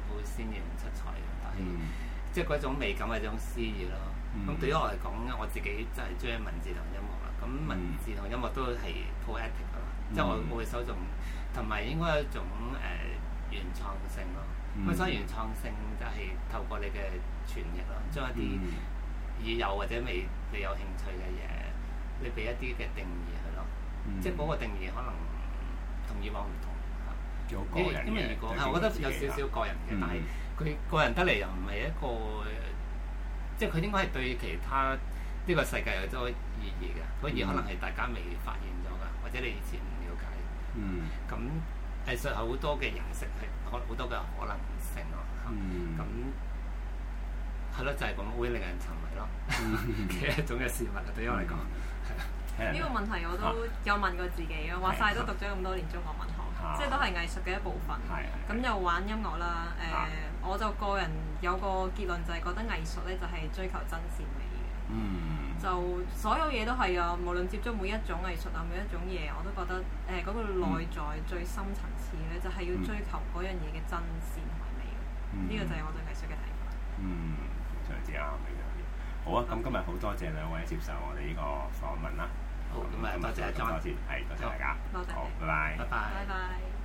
S1: 好鮮豔、出彩嘅，但係。嗯、即係嗰種美感係一種詩意咯。
S3: 咁、嗯、對於我
S1: 嚟講，我自己真係中意文字同音咁文字同音樂都係 poetic 㗎嘛，嗯、即係我我嘅手仲同埋應該係一種誒、呃、原創性咯。咁、嗯、所以原創性就係透過你嘅傳譯咯，將一啲已有或者未你有興趣嘅嘢，你俾一啲嘅定義去咯，嗯、即係嗰個定義可能同以往唔同吓。因為
S3: 因為如果係我覺得有少少個人嘅，嗯、但係
S1: 佢個人得嚟又唔係一個，即係佢應該係對其他。呢個世界有好多意義嘅，所以可能係大家未發現咗㗎，或者你以前唔了解嗯嗯。嗯。咁藝術好多嘅形式，可好多嘅可能性咯。咁係咯，就係、是、咁，會令人沉迷咯。嘅一種嘅事物，嗯、對於我嚟講。係呢、嗯、 個問題我都
S2: 有問過自己咯，話晒都讀咗咁多年中國文
S1: 學，
S3: 啊、即係都
S2: 係藝術嘅一部分。係。咁又玩音樂啦，誒、呃，啊、我就個人有個結論，就係覺得藝術咧就係追求真善美。嗯，就所有嘢都係啊，無論接觸每一種藝術啊，每一種嘢，我都覺得誒嗰、呃那個內在最深層次咧，嗯、就係要追求嗰樣嘢嘅真善同埋美。
S1: 呢、嗯、個就係我
S2: 對藝術嘅睇法。嗯，
S1: 非常之啱嘅，好啊！咁今日好多謝兩位接受我哋呢個訪問啦。嗯、好，咁啊好，多謝多好好謝，係多謝大家。
S3: 多謝好，拜拜。拜拜。